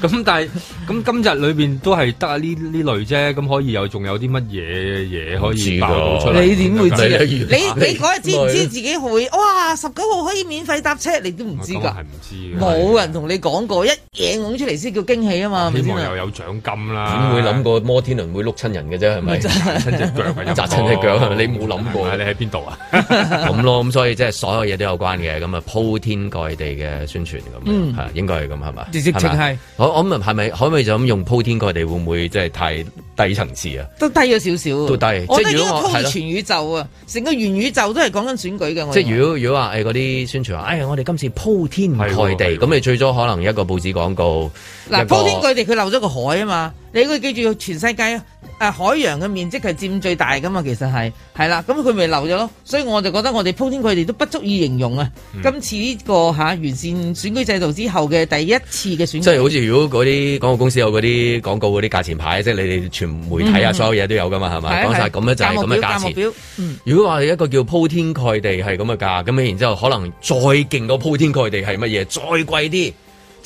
咁但係咁今日裏邊都係得呢呢類啫，咁可以有仲有啲乜嘢嘢可以爆到出嚟？你點會知？你你嗰日知唔知自己會？哇！十九號可以免費搭車，你都唔知噶？係唔知，冇人同你講過，一嘢拱出嚟先叫驚喜啊！希望又有，有獎金啦，點會諗過摩天輪會碌親人嘅啫？係咪？親隻腳或者砸親隻腳啊！你冇諗過？你喺邊度啊？咁咯，咁所以即係所有嘢都有關嘅，咁啊鋪天蓋地嘅宣傳咁，係、嗯、應該係咁係嘛？直情係我我諗係咪可唔可以就咁用鋪天蓋地？會唔會即係太低層次啊？都低咗少少，都低。我覺得呢個全宇宙啊，成個元宇宙都係講緊選舉嘅。我即係如果如果話嗰啲宣傳話，哎呀，我哋今次鋪天蓋地，咁你最多可能一個報紙廣告，一個佢哋佢漏咗個海啊嘛，你應該記住全世界誒、啊、海洋嘅面積係佔最大噶嘛，其實係係啦，咁佢咪漏咗咯。所以我就覺得我哋鋪天蓋地都不足以形容啊。嗯、今次呢、這個吓、啊、完善選舉制度之後嘅第一次嘅選舉，即係好似如果嗰啲廣告公司有嗰啲廣告嗰啲價錢牌，即係你哋全媒體啊，嗯、所有嘢都有噶嘛，係咪？講晒咁樣就係咁嘅價錢表、嗯。如果話一個叫鋪天蓋地係咁嘅價，咁然之後可能再勁過鋪天蓋地係乜嘢？再貴啲。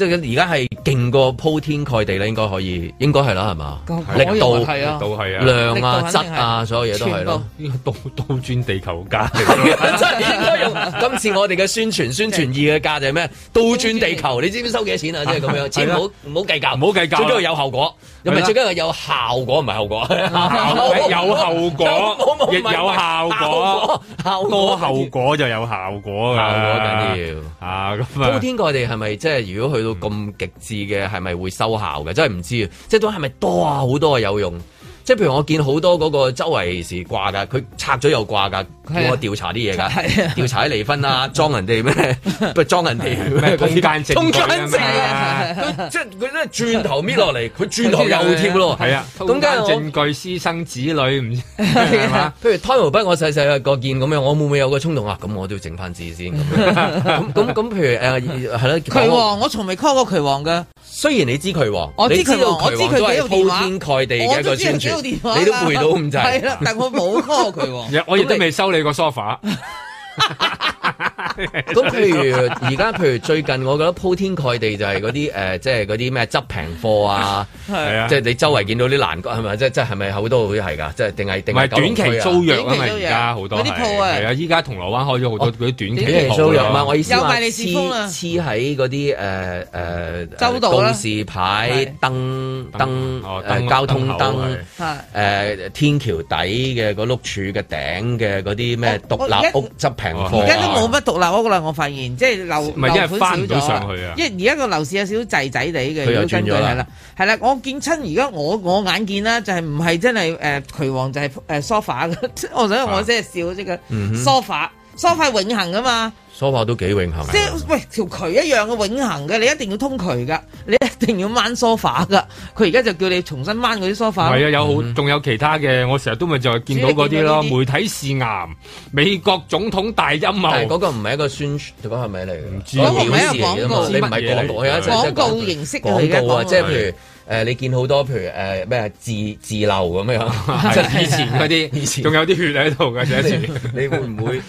即而家係勁過鋪天蓋地咧，應該可以，應該係啦，係嘛、啊？力度係啊，量啊，啊、質啊，所有嘢都係咯。倒倒轉地球價、 啊 今次我哋嘅宣傳宣傳二嘅價係咩？倒轉地球，你知唔知收幾多錢啊？即係咁樣，唔好唔好計較，唔好、啊、計較。最緊要有效果，又唔係最緊要有效果唔係、啊啊、後果，有效果，有效果，效果後果就有效果啊！效果緊要啊鋪天蓋地係咪即係如果去到？咁、嗯、極致嘅係咪會收效嘅？真係唔知，即係都係咪多啊？好多啊，有用。即係譬如我見好多嗰個周圍時掛噶，佢拆咗又掛噶，叫、啊、我調查啲嘢噶，調、啊、查啲離婚啊， 裝人哋咩？不裝人哋咩空間，即係佢咧轉頭搣落嚟，佢轉頭又貼咯。係啊，空間、啊、證據私生子女唔？吓、啊 啊，譬如胎毛筆，我細細個見咁樣，我會唔會有，沒有個衝動，沒有沒有個衝動啊？咁我都要整番字先咁。咁咁咁，譬如誒係啦，渠、呃啊、我從未 call 過渠王嘅。雖然你知渠王，我知佢，鋪天蓋地嘅一個宣傳。你都攰到咁滯，但我冇 CALL 佢喎。 我亦都未收你個 sofa。咁 譬如而家，現在譬如最近，我覺得鋪天蓋地就係嗰啲誒，即係嗰啲咩執平貨啊，係啊，即係你周圍見到啲爛骨係咪？即即係咪好多都係㗎？即係定係定係短期租約啊！依家好多嗰啲鋪啊，係啊！依家銅鑼灣開咗好多嗰啲短期租約。我意思話你黐啊！黐喺嗰啲誒誒周道啦，告示牌、燈燈、哦燈，啊、燈交通燈，誒、呃、天橋底嘅嗰碌柱嘅頂嘅嗰啲咩獨立屋執平貨而、啊、家都冇乜。獨立屋啦，我發現，即係樓唔係一係翻咗上去啊，因為而家個樓市有少少滯滯地嘅，佢又轉咗係啦，係啦，我見親而家我我眼見啦，就係唔係真係誒、呃，渠王就係誒 sofa 嘅，我想、啊、我真係笑即個 sofa，sofa、嗯、永恆啊嘛。梳化都幾永恆，即係喂條渠一樣嘅永恆嘅，你一定要通渠噶，你一定要掹梳化噶。佢而家就叫你重新掹嗰啲梳化。係、嗯、啊，有好仲有其他嘅，我成日都咪就係見到嗰啲咯。媒體試癌，美國總統大陰謀。嗰、那個唔係一個宣傳，嗰、那個係咪嚟？唔知。我唔係一個廣告，你唔係講我一陣。廣告形式。誒、呃，你見好多譬如誒咩自自流咁樣，即係以前嗰啲，以前仲 有啲血喺度嘅。你你會唔會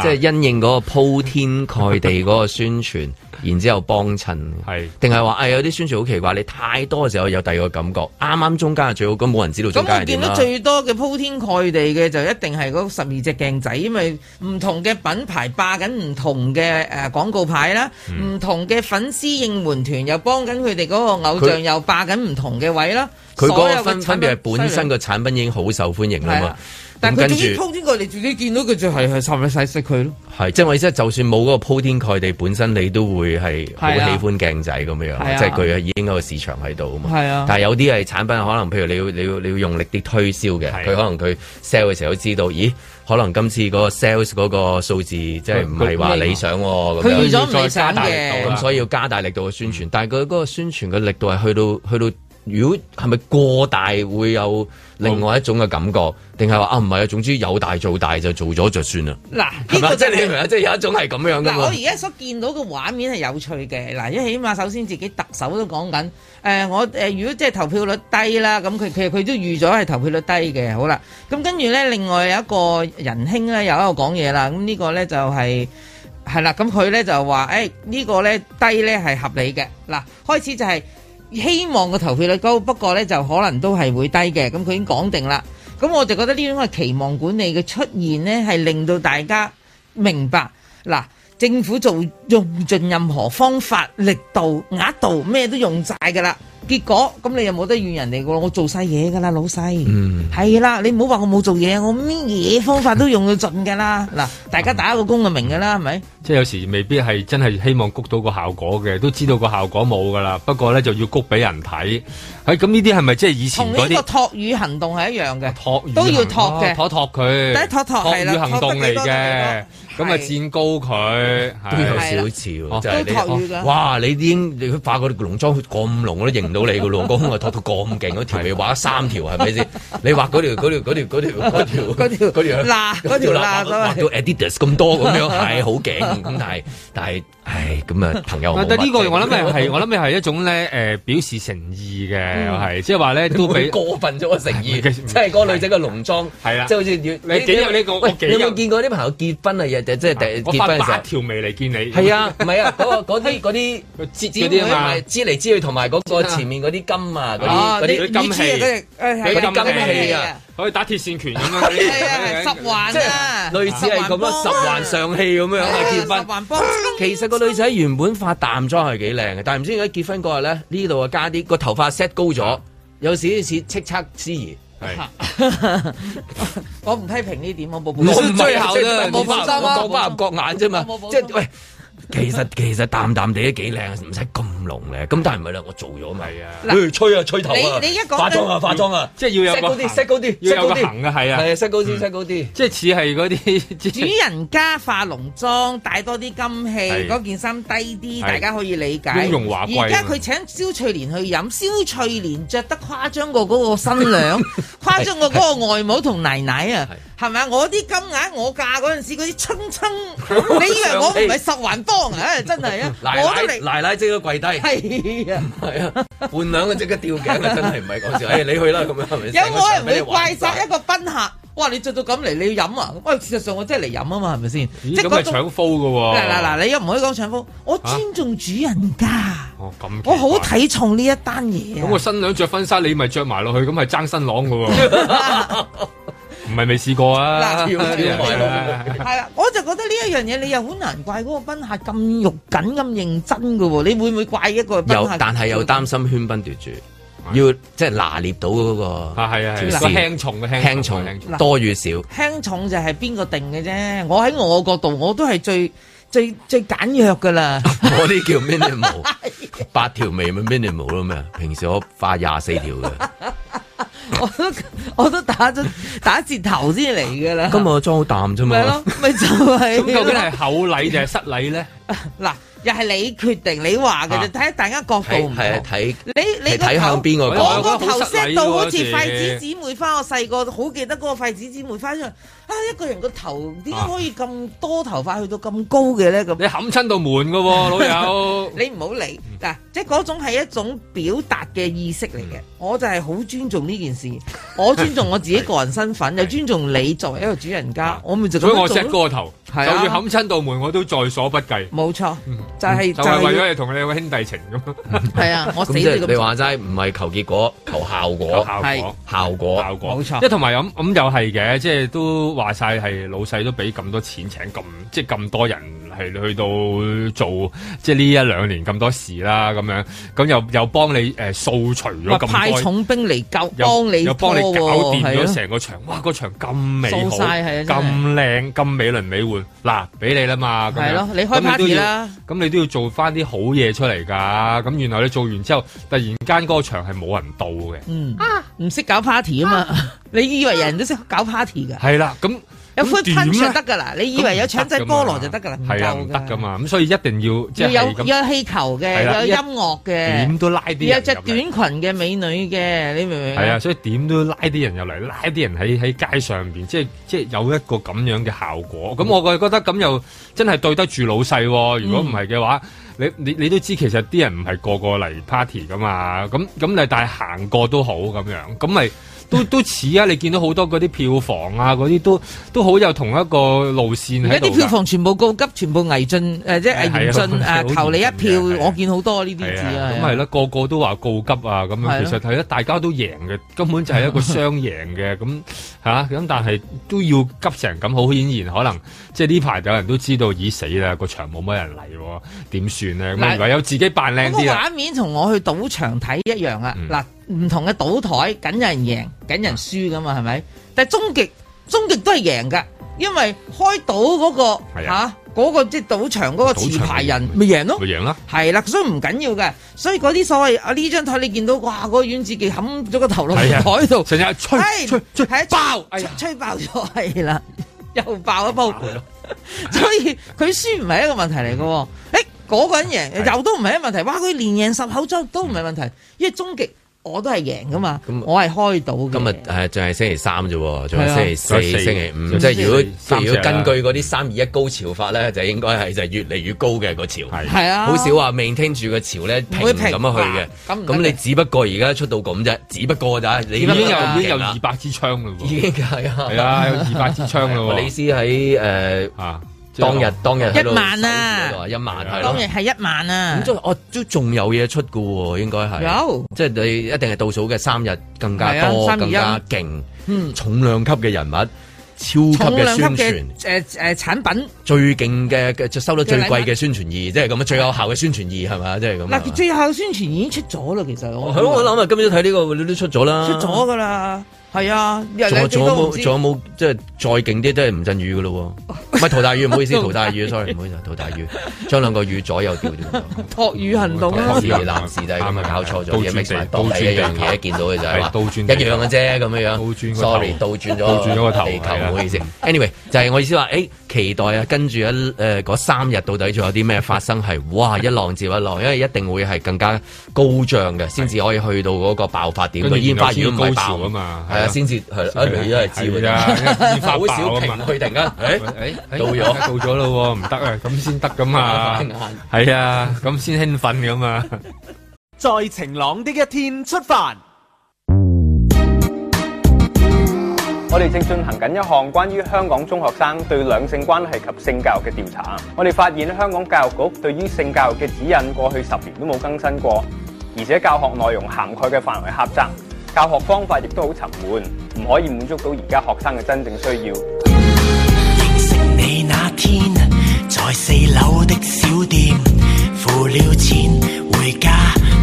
即係 因應嗰個鋪天蓋地嗰個宣傳？ 然之後幫襯，係定係話誒有啲宣傳好奇怪，你太多嘅時候有第二個感覺，啱啱中間係最好，咁冇人知道中間。咁我見到最多嘅鋪天蓋地嘅就一定係嗰十二隻鏡仔，因為唔同嘅品牌霸緊唔同嘅誒廣告牌啦，唔、嗯、同嘅粉絲應援團又幫緊佢哋嗰個偶像又霸緊唔同嘅位啦。佢嗰個分分別係本身個產品已經好受歡迎啦嘛。但佢仲要鋪天蓋地，自己見到佢就係係殺曬佢咯。係、嗯，即係我意思係，就算冇嗰個鋪天蓋地，本身你都會係好喜歡鏡仔咁樣，啊、即係佢已經有個市場喺度啊嘛。係啊。但係有啲係產品，可能譬如你要你要你要用力啲推銷嘅，佢、啊、可能佢 sell 嘅時候都知道，咦？可能今次嗰個 sales 嗰個數字即係唔係話理想、哦，佢變咗唔理想嘅，咁所以要加大力度去宣傳、啊。但係佢嗰個宣傳嘅力度係去到去到。去到如果係咪過大會有另外一種嘅感覺，定係話啊唔係啊，總之有大做大就做咗就算啦。嗱，呢個即係點啊？即係有一種係咁樣嘅。嗱，我而家所見到嘅畫面係有趣嘅。嗱，因為起碼首先自己特首都講緊，誒，我誒，如果即係投票率低啦，咁佢佢佢都預咗係投票率低嘅。好啦，咁跟住咧，另外有一個仁兄咧，又喺度講嘢啦。咁呢個咧就係係啦，咁佢咧就話誒呢個咧低咧係合理嘅。嗱，開始就係。希望個投票率高，不過呢，就可能都係會低嘅。咁佢已經講定啦。咁我就覺得呢種嘅期望管理嘅出現呢，係令到大家明白，嗱，政府做用盡任何方法、力度、額度咩都用晒㗎啦。結果，咁你又冇得怨人哋噶，我做晒嘢噶啦，老細，係、嗯、啦，你唔好話我冇做嘢，我乜嘢方法都用到盡噶啦。嗱，大家打一個工就明噶啦，係、嗯、咪？即係有時未必係真係希望谷到個效果嘅，都知道個效果冇噶啦。不過咧就要谷俾人睇。係咁，呢啲係咪即係以前嗰啲同呢個托語行動係一樣嘅，托都要托嘅，托托佢，托托係啦，托語行動嚟嘅。咁咪賤高佢、哦就係、都有少少，真、哦、係哇！你已經你化個濃妝咁濃，我都認唔到你 個到都是是 你噶咯。咁我塗到咁勁嗰條，畫咗三條係咪先？你畫嗰條嗰條嗰條嗰條嗰條嗰條嗱嗰條嗱，畫到 Adidas 咁多咁樣，係好勁咁。但係但係唉，咁啊朋友。但呢個我諗係係我諗係一種咧表示誠意嘅，即係話咧都俾過分咗誠意，即係嗰個女仔嘅濃妝啊，即係好似你入呢喂，有冇見過啲朋友結婚啊？即係第，結婚嘅時候，我發八條眉嚟見你。係啊，唔係啊，嗰個嗰啲嗰啲織織同埋支嚟支去，同埋嗰個前面嗰啲金啊，嗰啲金器，嗰啲誒係金器啊，可以打鐵線拳咁樣，十環啊，類似係咁咯，十環上器咁樣。結婚，其實個女仔原本化淡妝係幾靚嘅，但係唔知點解結婚嗰日咧，呢度啊加啲個頭髮 set 高咗，有少少似測測之儀。係， 我唔批評呢點，我冇判。我最後啦，先生啊，各花入各眼啫嘛，即係喂。 我不其實其實淡淡地都幾靚，唔使咁濃咧。咁但係唔係啦，我做咗咪啊？嗱，吹啊吹頭啊，你你一講化妝啊化妝啊，啊嗯、即係要有個行。識高啲，識高啲，識、嗯、啊，啲。係啊，識高啲，識高啲。即係似係嗰啲。主人家化濃妝，戴、嗯、多啲金器，嗰件衫低啲，大家可以理解。雍容華貴。而家佢請蕭翠蓮去飲，蕭、嗯、翠蓮着得誇張過嗰個新娘，誇 張過嗰個外母同奶奶啊。係。 係咪啊？我啲金額我嫁嗰陣時嗰啲，冲冲， 你以為我唔係十環多？哎、真婆婆我婆婆啊！真係啊，都嚟！奶奶即刻跪低，係啊，係啊，伴娘啊即刻吊頸啊，真係唔係講笑，哎你去啦咁樣係咪先？有我又唔會怪責一個賓客，哇你着到咁嚟你要飲啊？喂事實上我真係嚟飲啊嘛係咪先？咁係搶夫噶？嗱嗱嗱你又唔可以講搶夫，我尊重主人家。咁、啊哦，我好睇重呢一單嘢，咁我新娘着婚紗，你咪着埋落去，咁係爭新郎噶喎、啊。 唔係未試過啊！係啊， 啊，啊，啊，啊，啊！我就覺得呢一樣嘢，你又好難怪嗰個賓客咁肉緊咁認真噶喎。你會唔會怪一個賓客？有但係又擔心喧賓奪主，要即係、就是、拿捏到嗰，那個是啊，係啊，條輕、啊啊啊那個、重嘅輕重，重，重，多與少、輕、啊、重就係邊個定嘅啫。我喺我角度，我都係最最最簡約噶啦、啊。我啲叫 minimal 八條眉咪咩呢？minimal 咯咩？平時我畫廿四條嘅。 我都我都打咗打折頭先嚟嘅啦，今日我裝好淡啫嘛，咪、啊、 就係咁，究竟係口禮定係失禮咧？嗱、 啊，又係你決定，你話嘅就睇下大家角度唔同，係睇你你睇向邊個講，我個頭 set 到好似廢紙姊妹花，我細個好記得嗰個廢紙姊妹花。啊！一個人個頭點解可以咁多頭髮去到咁高嘅咧？咁你冚親到門嘅喎，老友。 你唔好理嗱、嗯，即係嗰種係一種表達嘅意識嚟嘅、嗯。我就係好尊重呢件事，我尊重我自己個人身份，又、 就係、尊重你作為一個主人家。我咪就咁做所以我錫過頭，就要冚親道門，我都在所不計。冇錯，就係、係嗯、就係、係、為咗你同你有個兄弟情咁。係、嗯、 啊，我死不是說你話齋，唔係求結果，求效果，效果，效果，效果，冇錯。即係同埋咁咁又係嘅，即、嗯、係、嗯嗯就係、都。話晒係老細都俾咁多錢請咁，即係咁多人。係去到做即係呢一兩年咁多事啦，咁樣咁又又幫你誒掃、呃、除咗咁派重兵嚟救，幫你、啊、又幫你搞掂咗成個場，啊、哇！個場咁美好，咁靚，咁、啊、美輪美奐，嗱，俾你啦嘛，係咯、啊，你開 party 啦，咁你，你都要做翻啲好嘢出嚟噶，咁然後你做完之後，突然間嗰個場係冇人到嘅，嗯啊，唔識搞 party 啊嘛，啊 你以為人都識搞 party 噶？係、啊、啦，咁、啊。有番番薯得噶啦，你以為有腸仔菠蘿就得噶啦？唔得噶嘛？咁所以一定要即係有有氣球嘅，有音樂嘅，點都拉啲人有隻短裙嘅美女嘅，你明唔明？係啊，所以點都拉啲人入嚟，拉啲人喺喺街上邊，即係即係有一個咁樣嘅效果。咁、嗯、我嘅覺得咁又真係對得住老細。如果唔係嘅話，你你你都知其實啲人唔係個個嚟 party 噶嘛。咁咁誒，但係行過都好咁樣，咁咪。都都似啊！你見到好多嗰啲票房啊，嗰啲都都好有同一個路線喺度。而家啲票房全部告急，全部危進、呃、即係危進誒，投、啊、你一票。我見好多呢啲字啊。咁係咯，個個都話告急啊！咁樣其實係咧，大家都贏嘅、啊，根本就係一個雙贏嘅咁吓咁但係都要急成咁，好顯然可能即係呢排有人都知道已死啦，個場冇乜人嚟，點算咧？唔係唯有自己扮靚啲。個畫面同我去賭場睇一樣啊！嗱、嗯。唔同嘅賭台，緊有人贏，緊人輸噶嘛，係咪？但係終極，終極都係贏噶，因為開賭嗰、那個吓，嗰、啊那個即係賭場嗰個持牌人咪贏咯，係啦，所以唔緊要嘅。所以嗰啲所謂啊呢張台，張你見到哇，嗰、那個阮志杰冚咗個頭落台度，成日吹吹係爆、哎吹，吹爆咗係啦，又爆一波爆 所以佢輸唔係一個問題嚟嘅，誒、嗯，嗰、欸那個人贏又都唔係一個問題，哇，佢連贏十口都都唔係問題，嗯、因為終極。我都係贏噶嘛，咁、嗯、我係開到嘅。今日誒，仲係星期三啫，仲係星、啊、星期四、星期五。即係如果如果根據嗰啲三二一高潮法咧，就應該係就越嚟越高嘅個潮。係啊，好少話未聽住個潮咧平咁樣去嘅。咁咁你只不過而家出到咁啫，只不過咋？已經有 已經有二百支槍嘞喎！係、 呃、啊，係啊，有二百支槍嘞喎！李斯喺誒啊。當日當日一萬啊！一萬係、就是、當日係一萬啊！咁都哦都仲有嘢出㗎喎，應該係有，即係你一定係倒數嘅三日更加多、啊、更加勁、嗯，重量級嘅人物，超級嘅宣傳誒誒、呃呃、產品，最勁嘅嘅就收到最貴嘅宣傳二，即係咁啊，最有效嘅宣傳二係嘛？即係咁。嗱、就是，最有效嘅宣傳已經出咗啦，其實我係咯，我諗啊，我今日都睇呢個都出咗啦，出咗噶啦。係啊，仲仲有冇仲有冇即係再勁啲都係吳鎮宇噶咯？唔係陶大宇，唔好意思，陶 大宇，大宇 ，sorry，唔好意思，陶大宇， 將兩個宇左右調轉。 託雨行動啊！男事弟，啱 啊，搞錯咗嘢咩？第一樣嘢見到嘅就係話倒轉一樣嘅啫，咁樣樣。樣 sorry，倒轉咗，倒轉咗個地球，唔 好意思。anyway，就係我意思話，誒、欸，期待啊，跟住一誒嗰三日到底仲有啲咩發生？係 哇，一浪接一浪，因為一定會係更加高漲嘅，先至可以去到嗰個爆發點。煙花雨高潮啊嘛！先至係啦，而家係自噶，自發爆，好少停佢停噶，誒誒，到咗到咗咯，唔得啊，咁先得噶嘛，係啊，咁先興奮噶嘛。在晴朗的一天出發，我哋正進行緊一項關於香港中學生對兩性關係及性教育嘅調查。我哋發現香港教育局對於性教育嘅指引過去十年都冇更新過，而且教學內容涵蓋嘅範圍狹窄。教學方法亦都好沉悶，唔可以滿足到而家學生嘅真正需要。認識你那天，在四樓的小店付了錢回家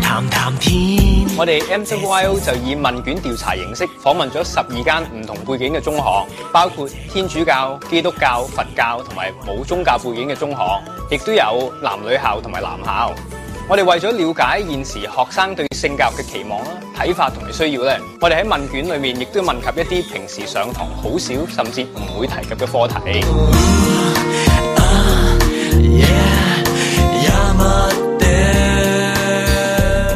談談天。我哋 M T Y O 就以問卷調查形式訪問咗十二間唔同背景嘅中學，包括天主教、基督教、佛教同埋冇宗教背景嘅中學，亦都有男女校同埋男校。我哋為咗了，了解現時學生對性教育嘅期望啦、睇法同埋需要咧，我哋喺問卷裏面亦都問及一啲平時上堂好少甚至唔會提及嘅課題，uh, uh, yeah, yeah,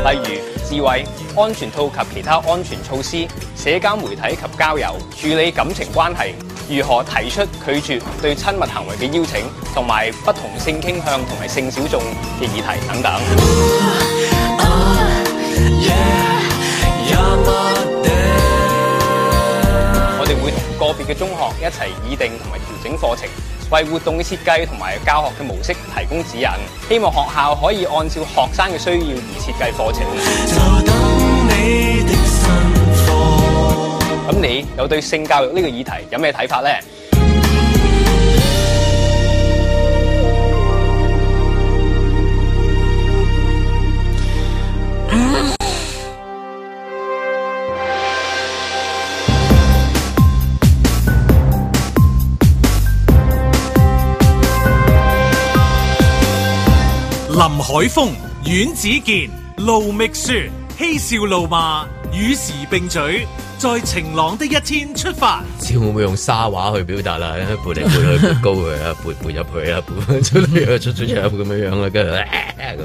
例如智慧、安全套及其他安全措施、社交媒體及交友、處理感情關係。如何提出拒絕對親密行為嘅邀請，同埋不同性傾向同埋性小眾嘅議題等等。我哋會同個別嘅中學一齊擬定同埋調整課程，為活動嘅設計同埋教學嘅模式提供指引。希望學校可以按照學生嘅需要而設計課程。咁你有對性教育呢個議題有咩睇法咧？嗯？林海峰、阮子健、盧覓雪、嬉笑怒罵。與時並舉，在晴朗的一天出發。知會唔會用沙畫去表達啦？撥嚟撥去，撥高佢啊，撥撥入去啊，出出出出咁樣樣啦嘅跟住。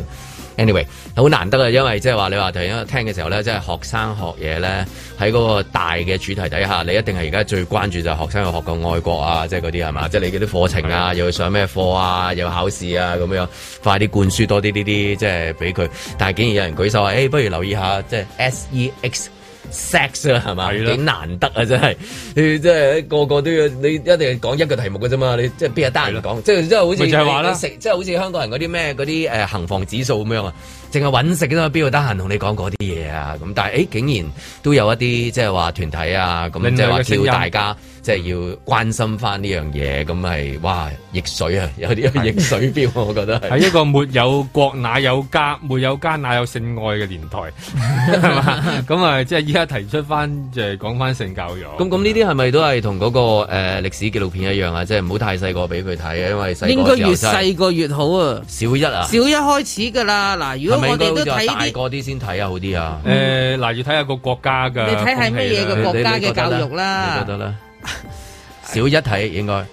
Anyway，好難得啊，因為即係話你話就因聽嘅時候咧，即、就、係、是、學生學嘢咧，喺嗰個大嘅主題底下，你一定係而家最關注就係學生要學嘅愛國啊，即係嗰啲係嘛？即係、就是、你嗰啲課程啊，又要上咩課啊，又要考試啊咁樣，快啲灌輸多啲呢啲，即係俾佢。但係竟然有人舉手話、哎，不如留意一下即係、就是、S E X。sex 啦，係嘛？幾難得啊，真係！你真係個個都要，你一定講一個題目嘅啫嘛。你即係邊有得閒講？即係即係好似食，即係好似香港人嗰啲咩嗰啲誒，行房指數咁樣啊，淨係揾食都啫嘛。邊度得閒同你講嗰啲嘢啊？咁但係誒，竟然都有一啲即係話團體啊，咁即係話叫大家。即係要關心翻呢樣嘢，咁係哇逆水啊，有啲逆水表。 我覺得係。一個沒有國，哪有家；沒有家，哪有性愛嘅年代，係 嘛？咁啊，即係依家提出翻，誒講翻性教育。咁咁呢啲係咪都係同嗰個誒歷、呃、史紀錄片一樣啊？即係唔好太細個俾佢睇啊，因為細個嘅時候細個越，越好啊。小一啊，小一開始噶啦。嗱，如果我哋都睇啲大個啲先睇啊，好啲啊。誒，嗱，要睇下個國家噶。你睇下咩嘢嘅國家嘅教育啦。你覺得咧？小 一睇應該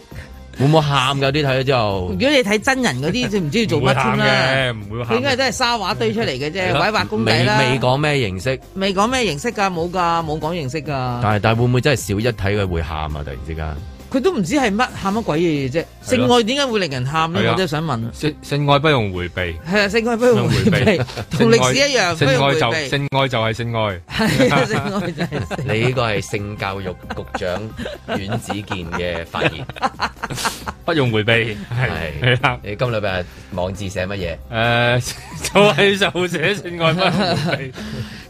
會唔會喊？ 有啲睇咗之後，如果你睇真人嗰啲，就唔知要做乜添啦。唔 會喊。應該都係沙畫堆出嚟嘅啫，鬼 畫公仔啦。未未講咩形式？未講咩形式噶？冇噶，冇講形式噶。但係但會唔會真係小一睇佢會喊啊？突然之間。佢都唔知係乜喊乜鬼嘢嘢啫！性愛點解會令人喊咧？我都想問。性性愛不用迴避。係啊，性愛不用迴避，同歷史一樣。性愛就性愛就係性愛。係性愛就係性愛就係性愛就係性愛。你呢個係性教育局長阮子健嘅發言，不用迴避。係你今禮拜網誌寫乜嘢？誒，就係就寫性愛不用迴避。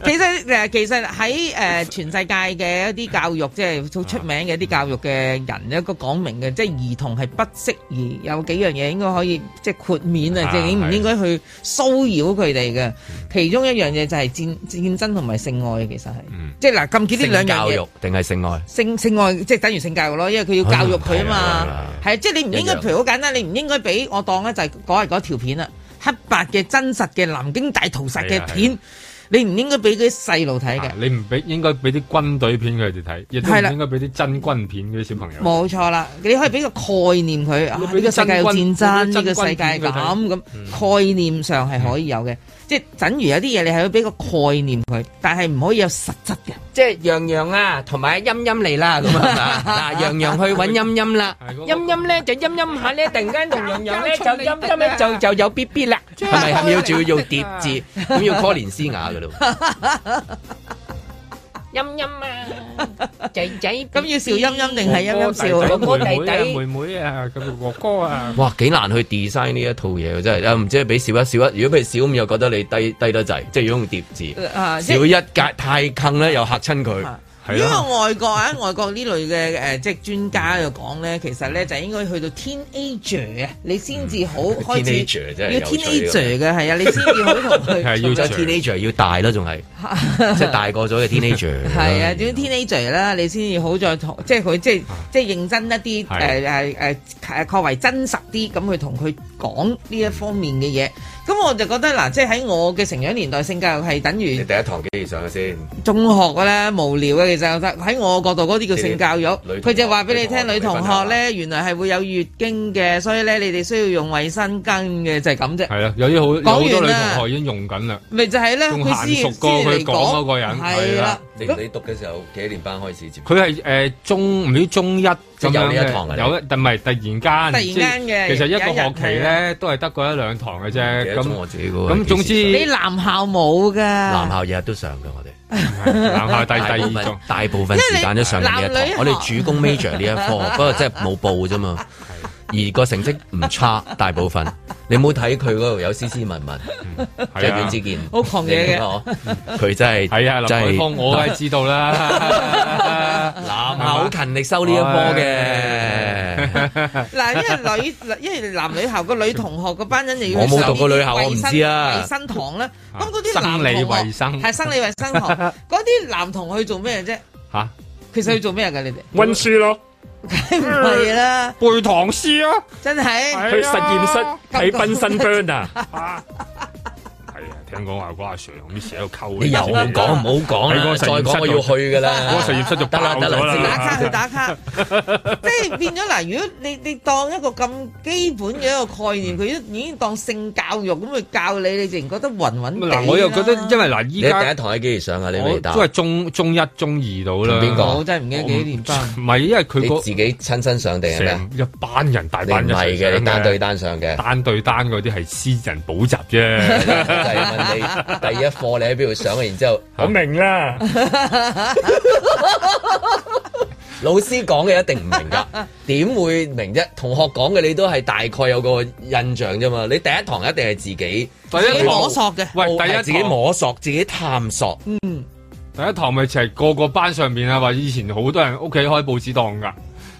其實誒，其實喺誒全世界嘅一啲教育，即係好出名嘅一啲教育嘅人。有一個講明嘅，即係兒童係不適宜有幾樣嘢，應該可以即係豁免啊！即係你唔應該去騷擾佢哋嘅。其中一樣嘢就係戰戰爭同埋性愛，其實係、嗯，即係嗱，禁止呢兩樣嘢。性教育定係性愛？性性愛即係等於性教育咯，因為佢要教育佢啊嘛。係，即係你唔應該，譬如好簡單，你唔應該俾我當咧就係講係嗰條片啦，黑白嘅真實嘅南京大屠殺嘅片。你唔應該俾啲細路睇嘅，你唔俾應該俾啲軍隊片佢哋睇，亦都唔應該俾啲真軍片嗰啲小朋友。冇錯啦，你可以俾個概念佢，呢個世界有戰爭，呢個世界咁咁概念上係可以有嘅，即係等於有啲嘢你係要俾個概念佢，但係唔可以有實質嘅，即係陽陽啊，同埋陰陰嚟啦，咁樣嗱，陽陽去揾陰陰啦，陰陰咧就陰陰下咧，突然間同陽陽咧就陰陰咧就就有 B B 啦，係咪？係要仲要用疊字咁要科連斯雅？哈哈哈哈哈，陰陰啊，仔仔，咁要笑陰陰定係陰陰笑？哥哥弟弟，啊 啊、妹妹啊，咁哥哥啊，哇，幾難去 design 呢一套嘢嘅真係，又、啊、唔知係俾小一、小一，如果俾小五又覺得你低低得滯，即係如果用疊字，啊，小一格太近咧，又吓親佢。啊 如果外國啊，外國呢類嘅誒，即、呃、係、即係、專家嘅講咧， 其實咧就應該去到 teenager，你先至好開始。啫，要 teenager 嘅， 啊，你先至好同佢。要、 啊。teenager 要大啦仲係即係大個咗嘅 teenager。 啊，點 teenager 啦？你先至好再同，即係佢即係即係認真一啲誒誒誒誒， 啊呃呃、確為真實啲咁去同佢講呢一方面嘅嘢。咁我就覺得嗱，即係喺我嘅成長年代，性教育係等於第一堂幾時上嘅先？中學㗎啦，無聊嘅其實，喺我角度嗰啲叫性教育，佢就話俾你聽，女同學咧原來係會有月經嘅，所以咧你哋需要用衛生巾嘅，就係咁啫。係啊，有啲好有好多女同學已經用緊啦。咪就係咧，佢先熟過佢講嗰個人係啦。你讀嘅時候，幾年班開始接？佢係誒中唔知中一咁樣有呢一堂嘅，有咧，但唔係突然間。突然間嘅，其實一個學期咧都係得嗰一兩堂嘅啫。咁我自己個咁總之，你的男校冇嘅，男校日日都上嘅，我哋 男校第第二大部分時間都上呢一堂，我哋主攻 major 呢一科， 不過即係冇報啫嘛。 而個成績唔差，大部分 你冇睇佢嗰度有斯斯文文，即係楊志堅好狂野嘅，佢、嗯、真係係啊林海峰，我梗係知道啦， 男校好勤力收呢一科嘅。嗱、哎，因為 女，因為男女校個女同學個班人又要上啲衛生堂啦。咁嗰啲男同學係生理衛生、啊啊、衛生學，嗰啲男同學去做咩啫？吓、啊，其實去做咩㗎、嗯、你哋？溫書咯。梗係啦，背唐詩啊真係、啊、去實驗室睇《奔身 burn》啊。 講話阿 Sir 咁啲蛇喺度溝，你又講唔好講，你、啊啊啊、再講我要去噶啦。我實業室得啦咗啦，先打卡啦去打卡。即係變咗嗱， 如果你你當一個咁基本嘅一個概念，佢 都已經當性教育咁去教你，你自然覺得暈暈、啊啊、我又覺得因為嗱，依家第一堂喺幾時上啊？你都係中中一、中二到啦。同邊個？我真係唔記得幾年班。唔係，因為佢、那個、自己親身上定係咩？一班人大班人一齊上，單單上，單對單上嘅。單對單嗰啲係私人補習啫。你第一課，你喺邊度上，然之後，然後我明啦， 老師講嘅一定唔明噶，點會明啫？同學講嘅你都係大概有個印象啫嘛。你第一堂一定係自己，第一摸索嘅。喂，第一自己摸索，自己探索。嗯，第一堂咪成個個班上邊啊，話以前好多人屋企開報紙檔噶。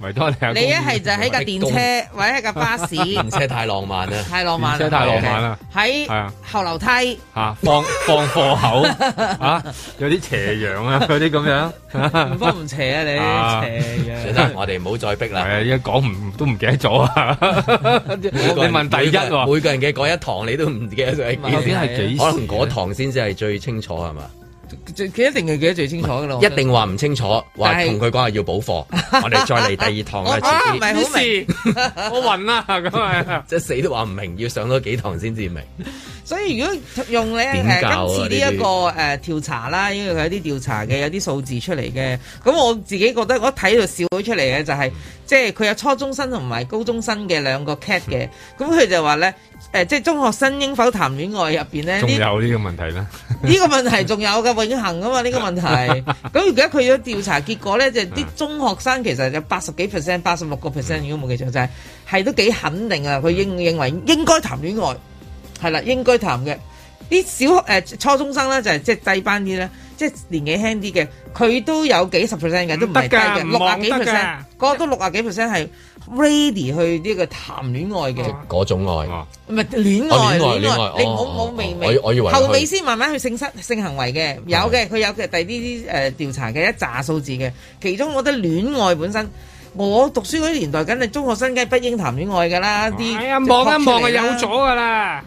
咪當你係你一係就喺架電車，或者喺架巴士，唔車太浪漫啊！太浪漫，唔車太浪漫啦！喺後樓梯啊，放放貨口啊，有啲斜陽啊，嗰啲咁樣，唔方唔斜啊你？斜陽，得我哋唔好再逼啦。係啊，依家講唔都唔記得咗啊！你問第一，每個人嘅嗰一堂你都唔記得咗。邊係幾時？可能嗰堂先至係最清楚係嘛？佢一定係記得最清楚噶啦，一定話唔清楚，話同佢講話要補課， 我哋再嚟第二堂，啊、 我係自己好明，我暈啦咁係，即係死都話唔明，要上多幾堂先至明。 所以如果用咧、啊呃、今次呢一個誒、呃、調查啦，因為佢有啲調查嘅，有啲數字出嚟嘅。咁我自己覺得，我睇到笑咗出嚟嘅、就是嗯，就係即係佢有初中生同埋高中生嘅兩個 cat 嘅。咁、嗯、佢就話呢，呃、即係中學生應否談戀愛入邊仲有呢個問題呢？呢 個問題仲有嘅，永恆啊嘛呢、呢個問題。咁而家佢嘅調查結果呢，就係、是、啲中學生其實有八十幾 percent、八十六個 percent 如果冇記錯就係、是、係都幾肯定啊，佢應認為應該談戀愛。係啦，應該談嘅啲小學誒、呃、初中生啦，就係即係低班啲咧，即、就、係、是、年紀輕啲嘅，佢都有幾十 percent 嘅，都唔得嘅六啊幾 percent，嗰都六啊幾 percent 係 ready 去呢個談戀愛嘅嗰種愛，唔、哦、係戀、哦、戀、戀、戀、戀愛，戀愛，你冇冇、哦哦哦哦哦哦、未、哦、未我後尾先慢慢去性失、哦、性行為嘅、哦、有嘅，佢有嘅第啲啲誒調查嘅一紮數字嘅，其中我覺得戀愛本身，我讀書嗰啲年代，梗係中學生梗係不應談戀愛㗎啦，啲、哎，係啊，望一望就有咗㗎啦。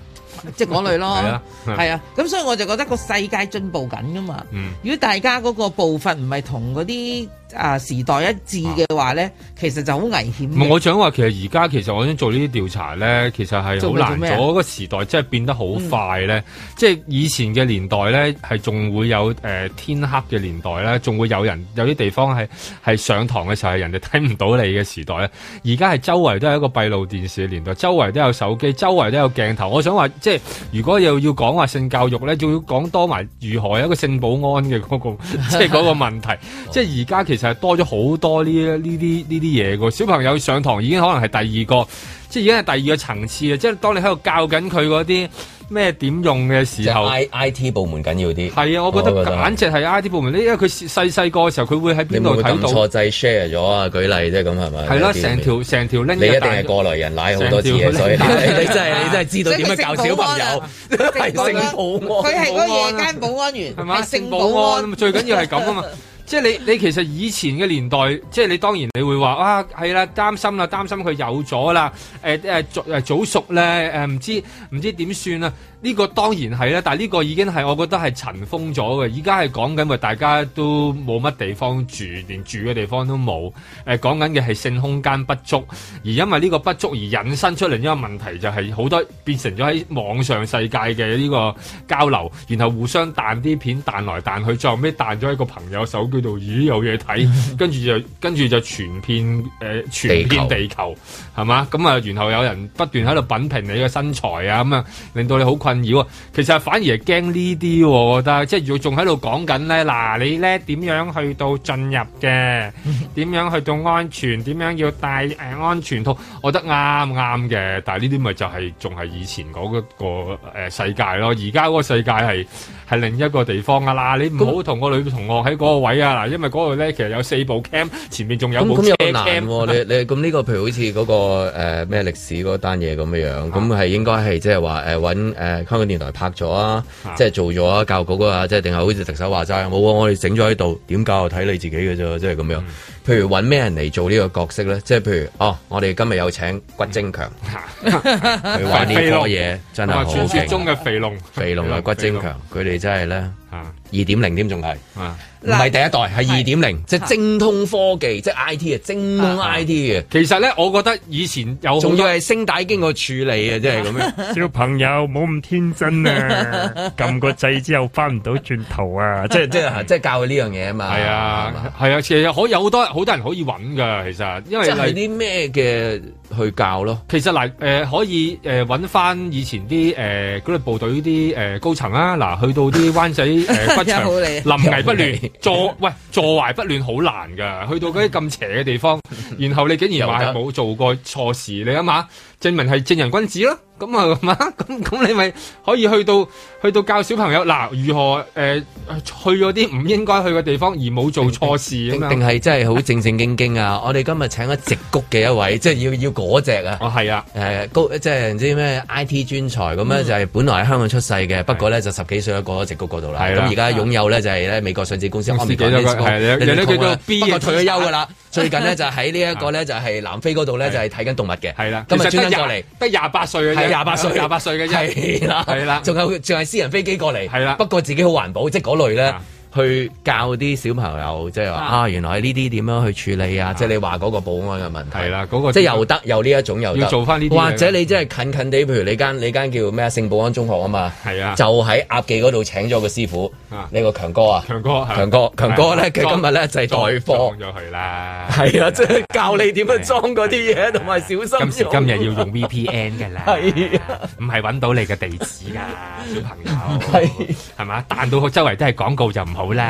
即係嗰類咯，係 啊，咁、啊、 所以我就覺得個世界進步緊㗎嘛。嗯、如果大家嗰個步伐唔係同嗰啲。啊！時代一致嘅話咧、啊，其實就好危險。我想話其實而家其實我想做呢啲調查咧，其實係好難。嗰個時代真係變得好快咧，即、嗯、係以前嘅年代咧，係仲會有誒、呃、天黑嘅年代咧，仲會有人有啲地方係係上堂嘅時候，人哋睇唔到你嘅時代咧。而家係周圍都係一個閉路電視嘅年代，周圍都有手機，周圍都有鏡頭。我想話即係如果又要講話性教育咧，仲要講多埋如何一個性保安嘅嗰個，即係嗰個問題。 嗯、即係而家其實。其實多咗好多呢呢啲呢啲嘢噶。小朋友上堂已經可能係第二個，即係已經係第二個層次嘅，即係當你喺度教緊佢嗰啲咩點用嘅時候，I T 部門緊要啲，係啊，我覺得簡直係 I T 部門，因為佢細細個嘅時候佢會喺邊度睇到錯制 share 咗啊，舉例啫咁係咪？係咯，成條成條你一定係過來人，奶好多次嘅，所以你真係你真係知道點樣教小朋友。聖保，啊， 保安，佢係嗰個夜間保安員，係咪？聖保安，保安最緊要係咁啊嘛。 即係你，你其實以前嘅年代，即係你當然你會話，哇，係啦，擔心啦，擔心佢有咗啦，誒誒早誒早熟咧，誒唔知唔知點算啊？呢、啊啊啊啊這個當然係啦，但係呢個已經係我覺得係塵封咗嘅，而家係講緊咪大家都冇乜地方住，連住嘅地方都冇，誒講緊嘅係性空間不足，而因為呢個不足而引申出嚟一個問題，就係、是、好多變成咗喺網上世界嘅呢個交流，然後互相彈啲片彈來彈去，最後屘彈咗一個朋友手機。度咦有嘢睇，跟住就跟住就全片誒、呃，全片地球係嘛？咁啊，然後有人不斷喺度品評你嘅身材啊，咁啊，令到你好困擾啊。其實反而係驚呢啲，我覺得即係仲仲喺度講緊咧。嗱、啊，你咧點樣去到進入嘅？點樣去到安全？點樣要戴誒安全套？我覺得啱啱嘅。但係呢啲咪就係仲係以前嗰、嗰個誒、呃、世界咯。而家嗰個世界係。係另一個地方啊啦，你唔好同個女同學喺嗰個位啊嗱，因為嗰度咧其實有四部 cam，前面仲有部 cam 咁咁有難、啊 你，你你咁呢個譬如好似嗰、嗰個誒咩歷史嗰單嘢咁樣樣，咁、啊、係應該係即係話誒揾誒香港電台拍咗啊，啊，即係做咗啊教育局啊，即係定係好似特首話齋冇啊，我哋整咗喺度，點教睇你自己嘅啫，即係咁樣。嗯譬如揾咩人嚟做呢個角色呢？即係譬如哦，我哋今日有請骨精強 去玩呢多嘢，真係，好勁。傳說中嘅肥龍，肥龍同埋骨精強，佢 哋真係呢，二點零點仲係。唔係第一代，係二點零，即、就、係、是、精通科技，即係 I T 啊，精通 I T 嘅。其實咧，我覺得以前有仲要係聲帶經過處理，嗯就是、這是啊，即係咁樣。小朋友冇咁天真啊！撳 個掣之後翻唔到轉頭啊！即係即係即係教佢呢樣嘢啊嘛。係啊，係啊，其實可有好多好多人可以揾㗎，其實因為即係啲咩嘅。就是去教咯，其實嗱、呃，可以誒揾翻以前啲誒嗰部隊啲誒、呃、高層啊，嗱，去到啲灣仔誒不長，臨危不亂， 坐喂坐懷不亂，好難㗎，去到嗰啲咁邪嘅地方， 然後你竟然話係冇做過錯事， 你諗下，證明係正人君子咯。咁啊嘛，咁咁你咪可以去到去到教小朋友嗱、啊，如何誒、呃、去嗰啲唔應該去嘅地方而冇做錯事定係真係好正正經經啊？ 我哋今日請咗矽谷嘅一位，即、就、係、是、要要嗰隻啊！哦，係啊，誒即係唔知咩 I T 專才咁咧、嗯，就係、是、本來喺香港出世嘅，不過咧、啊、就十幾歲去過矽谷嗰度啦。咁而家擁有咧、啊、就係、是、美國上市公司，最近有嘅，你叫做、啊、B 嘅，退咗休嘅啦。最近呢，就喺呢一個咧就係、是、南非嗰度咧就係睇緊動物嘅。係啦、啊，今日專程過嚟，得廿八歲廿八歲，廿八歲嘅啫，係啦，係啦，仲有仲係私人飛機過嚟，係啦，不過自己好環保，即係嗰類咧。去教啲小朋友，即係話啊，原來呢啲點樣去處理啊？即係你話嗰個保安嘅問題係啦，嗰個即係又得又呢一種，又要做翻呢啲，或者你即係近近地，譬如你間你間叫咩啊？聖保安中學啊嘛，係啊，就喺鴨記嗰度請咗個師傅，呢、啊、個強哥啊，強哥，強哥，強哥咧，佢今日咧就係代課咗去啦，係啊，即係 教你點樣裝嗰啲嘢，同埋小心。今時今日要用 VPN 㗎啦，係唔係揾到你嘅地址㗎？小朋友係咪嘛？彈到周圍都係廣告就唔 好咧，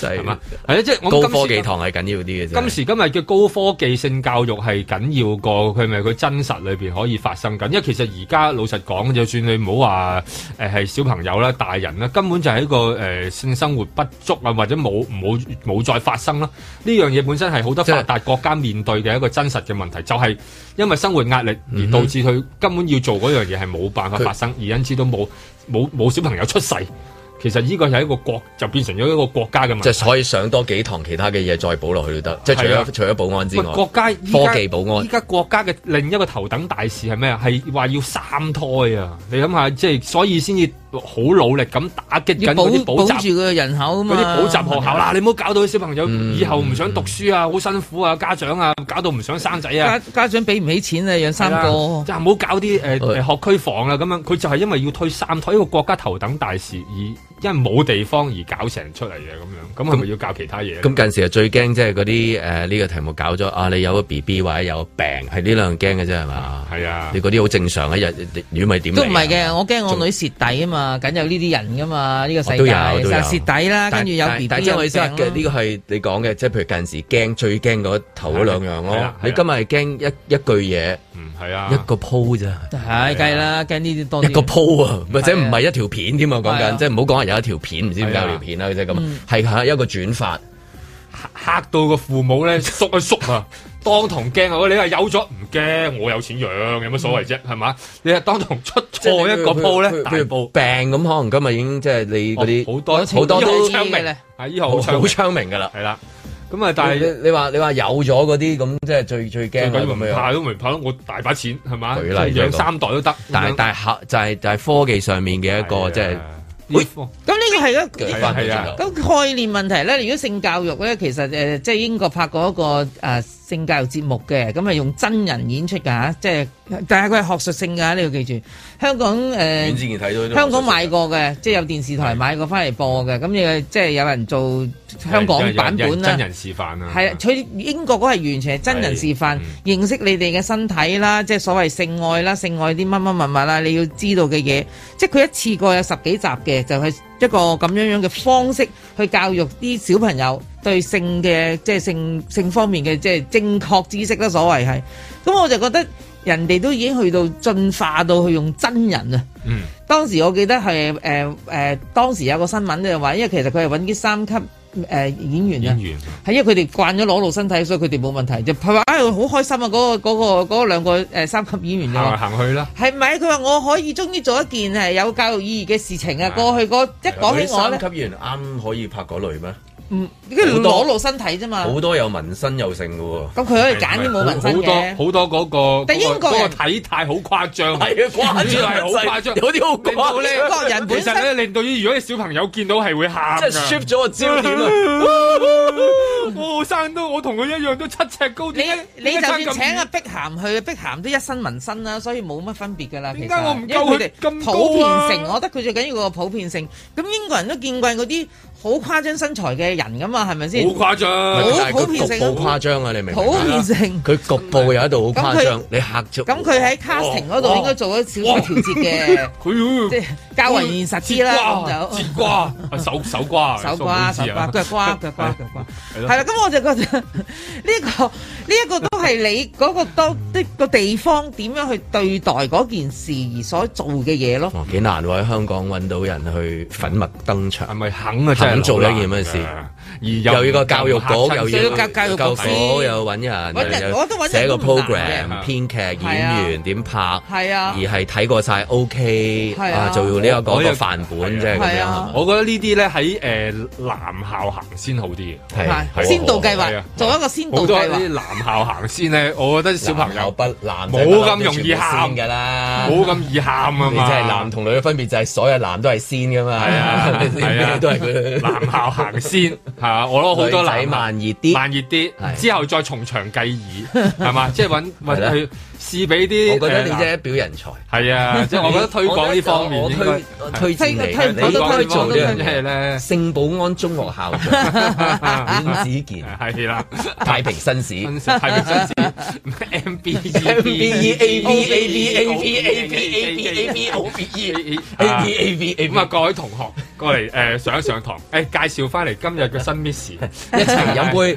係嘛？係咧，即係我高科技堂係緊要啲嘅。今時今日嘅高科技性教育係緊要過佢，咪佢真實裏邊可以發生緊。因為其實而家老實講，就算你唔好話誒係小朋友啦、大人啦，根本就係一個誒、呃、性生活不足啊，或者冇冇冇再發生啦。呢樣嘢本身係好多發達國家面對嘅一個真實嘅問題，就係、是就是、因為生活壓力而導致佢根本要做嗰樣嘢係冇辦法發生，嗯、而因此都冇冇冇小朋友出世。其實呢個係一個國就變成咗一個國家嘅問題，即係可以上多幾堂其他嘅嘢再補落去都得，即係除咗、啊、除咗保安之外，國家現在科技保安。依家國家嘅另一個頭等大事係咩啊？係話要三胎啊！你諗下，即係所以先至。好努力咁打擊緊嗰啲補習，補住個人口啊嘛，嗰啲補習學校啦、啊，你唔好搞到啲小朋友以後唔想讀書啊，好、嗯、辛苦啊，家長啊，搞到唔想生仔啊，家，家長長俾唔起錢啊，養三個，就唔、是、好搞啲、呃哎、學區房啊咁樣，佢就係因為要推三胎，一個國家頭等大事，而因為冇地方而搞成出嚟嘅咁樣，咁係咪要搞其他嘢？咁、嗯嗯、近時啊，最驚即係嗰啲呢個題目搞咗啊，你有個 B B 或者有病，係呢兩樣驚嘅啫係嘛？係啊，你嗰啲好正常啊，日如果唔係點都唔係嘅，我驚我女蝕底啊嘛～啊，梗有呢啲人噶嘛？呢、呢個世界、哦，都有，都有蝕底啦。跟住有跌底。但即係即係呢個係你講嘅，即係譬如近時驚最驚嗰頭嗰兩樣咯。你今日係驚一一句嘢，嗯，係啊，一個 po 啫。係，啦，驚呢啲多一。一個 po 啊，或者唔係一條片添啊？講緊即係唔好講有一條片，唔知點解一條片啦。咁，係嚇、嗯、一個轉發，嚇到個父母咧縮一縮啊！ 熟 當同驚啊！你話有咗唔驚？我有錢養，有乜所謂啫？係、嗯、嘛？你係當同出錯一個鋪咧，大鋪病咁，可能今日已經即係你嗰啲、哦、好多好多都好昌明咧，以後好昌好昌明噶啦，係啦。咁啊，但係你話你話有咗嗰啲咁，即係最最驚啊！太都明白咯，我大把錢係嘛，養、就是、三代都得。但係但係就係就係科技上面嘅一個即係，咁呢個係一個啊？咁、就是哎這個、概念問題咧，如果性教育咧，其實誒、即、呃、係、就是、英國拍過一個誒。呃性教育節目嘅，咁係用真人演出噶即係，但係佢係學術性噶，你要記住。香港誒，呃、之前睇到香港買過嘅，即係有電視台買過翻嚟播嘅，咁你，即係有人做香港版本啦。有有有真人示範啊，係啊，佢英國嗰係完全係真人示範，認識你哋嘅身體啦，即係所謂性愛啦，性愛啲乜乜乜乜啦，你要知道嘅嘢。即係佢一次過有十幾集嘅，就係、是、一個咁樣樣嘅方式去教育啲小朋友。對性嘅，即係性性方面嘅，即係正確知識啦，所謂係咁，噉我就覺得人哋都已經去到進化到去用真人啊。嗯，當時我記得係誒誒，當時有個新聞咧就話，因為其實佢係搵啲三級誒、呃、演員啊，係因為佢哋慣咗裸露身體，所以佢哋冇問題就拍，好、哎、開心啊！嗰、嗰個、嗰個兩、嗰個誒、嗰個嗰個、三級演員就行行去啦，係咪佢話我可以終於做一件係有教育意義嘅事情啊！過去、嗰個一講起我咧，啊就是、三級演員啱可以拍嗰類咩？嗯，你跟攞裸露身體啫嘛，好多有紋身又剩㗎喎。咁佢可以揀啲冇紋身嘅，好多好多嗰個，但英國人嗰個體態好誇張，係啊，誇張係好誇張，嗰啲好誇張。英國人本身咧令到啲如果你小朋友見到係會喊，即係 shift 咗個焦點啊！我生都我同佢一樣都七尺高啲，你你就算請阿碧咸去，碧咸都一身紋身啦，所以冇乜分別噶啦。點解我唔高佢哋咁普遍性？我覺得佢最緊要個普遍性。咁英國人都見慣嗰啲。好誇張身材嘅人㗎嘛，係咪先？好誇張，好普遍性，好誇張啊！你明？唔明？普遍性，佢局部又喺度好誇張，你嚇咗，咁佢喺 casting 嗰度應該做咗少少調節嘅。佢即係較為現實啲啦，咁就節瓜，瓜手手瓜，手瓜、啊、手瓜腳瓜腳瓜腳瓜，係 啦。咁 我就覺得呢一、這個呢一、這個都係你嗰、那個多啲 地方點樣去對待嗰件事而所做嘅嘢咯。幾、哦、難喎喺香港搵到人去粉墨登場，係 咪肯啊真係？ 咁做一件咩事？而有又要個教育局，又要教教育局，又搵人，寫個 program，編劇、演員點拍，係、OK，啊，而係睇過晒 OK，啊，就要呢個講、嗰個範本啫。係啊，我覺得呢啲咧喺誒男校行先好啲先導計劃，做一個先導計劃。男校行先咧，我覺得小朋友男不難，冇咁容易喊噶啦，冇咁易喊啊你即係男同女嘅分別就係所有男都係先噶嘛，係啊，都係佢男校行先。係啊，我攞好多禮物，慢熱啲，慢熱啲，啊、之後再從長計議，係嘛？即係搵或者去。就是 試俾啲，我覺得你真係一表人才。係啊，即係我覺得推廣呢方面，我推推薦你。我都推唔到呢樣嘢咧。聖保安中學校長伍子健係啦，太平紳士，太平紳士，MBEABABABABABABOVEABAB e 咁啊！各位同學過嚟誒上一上堂，誒介紹翻嚟今日嘅新 Miss 一齊飲杯。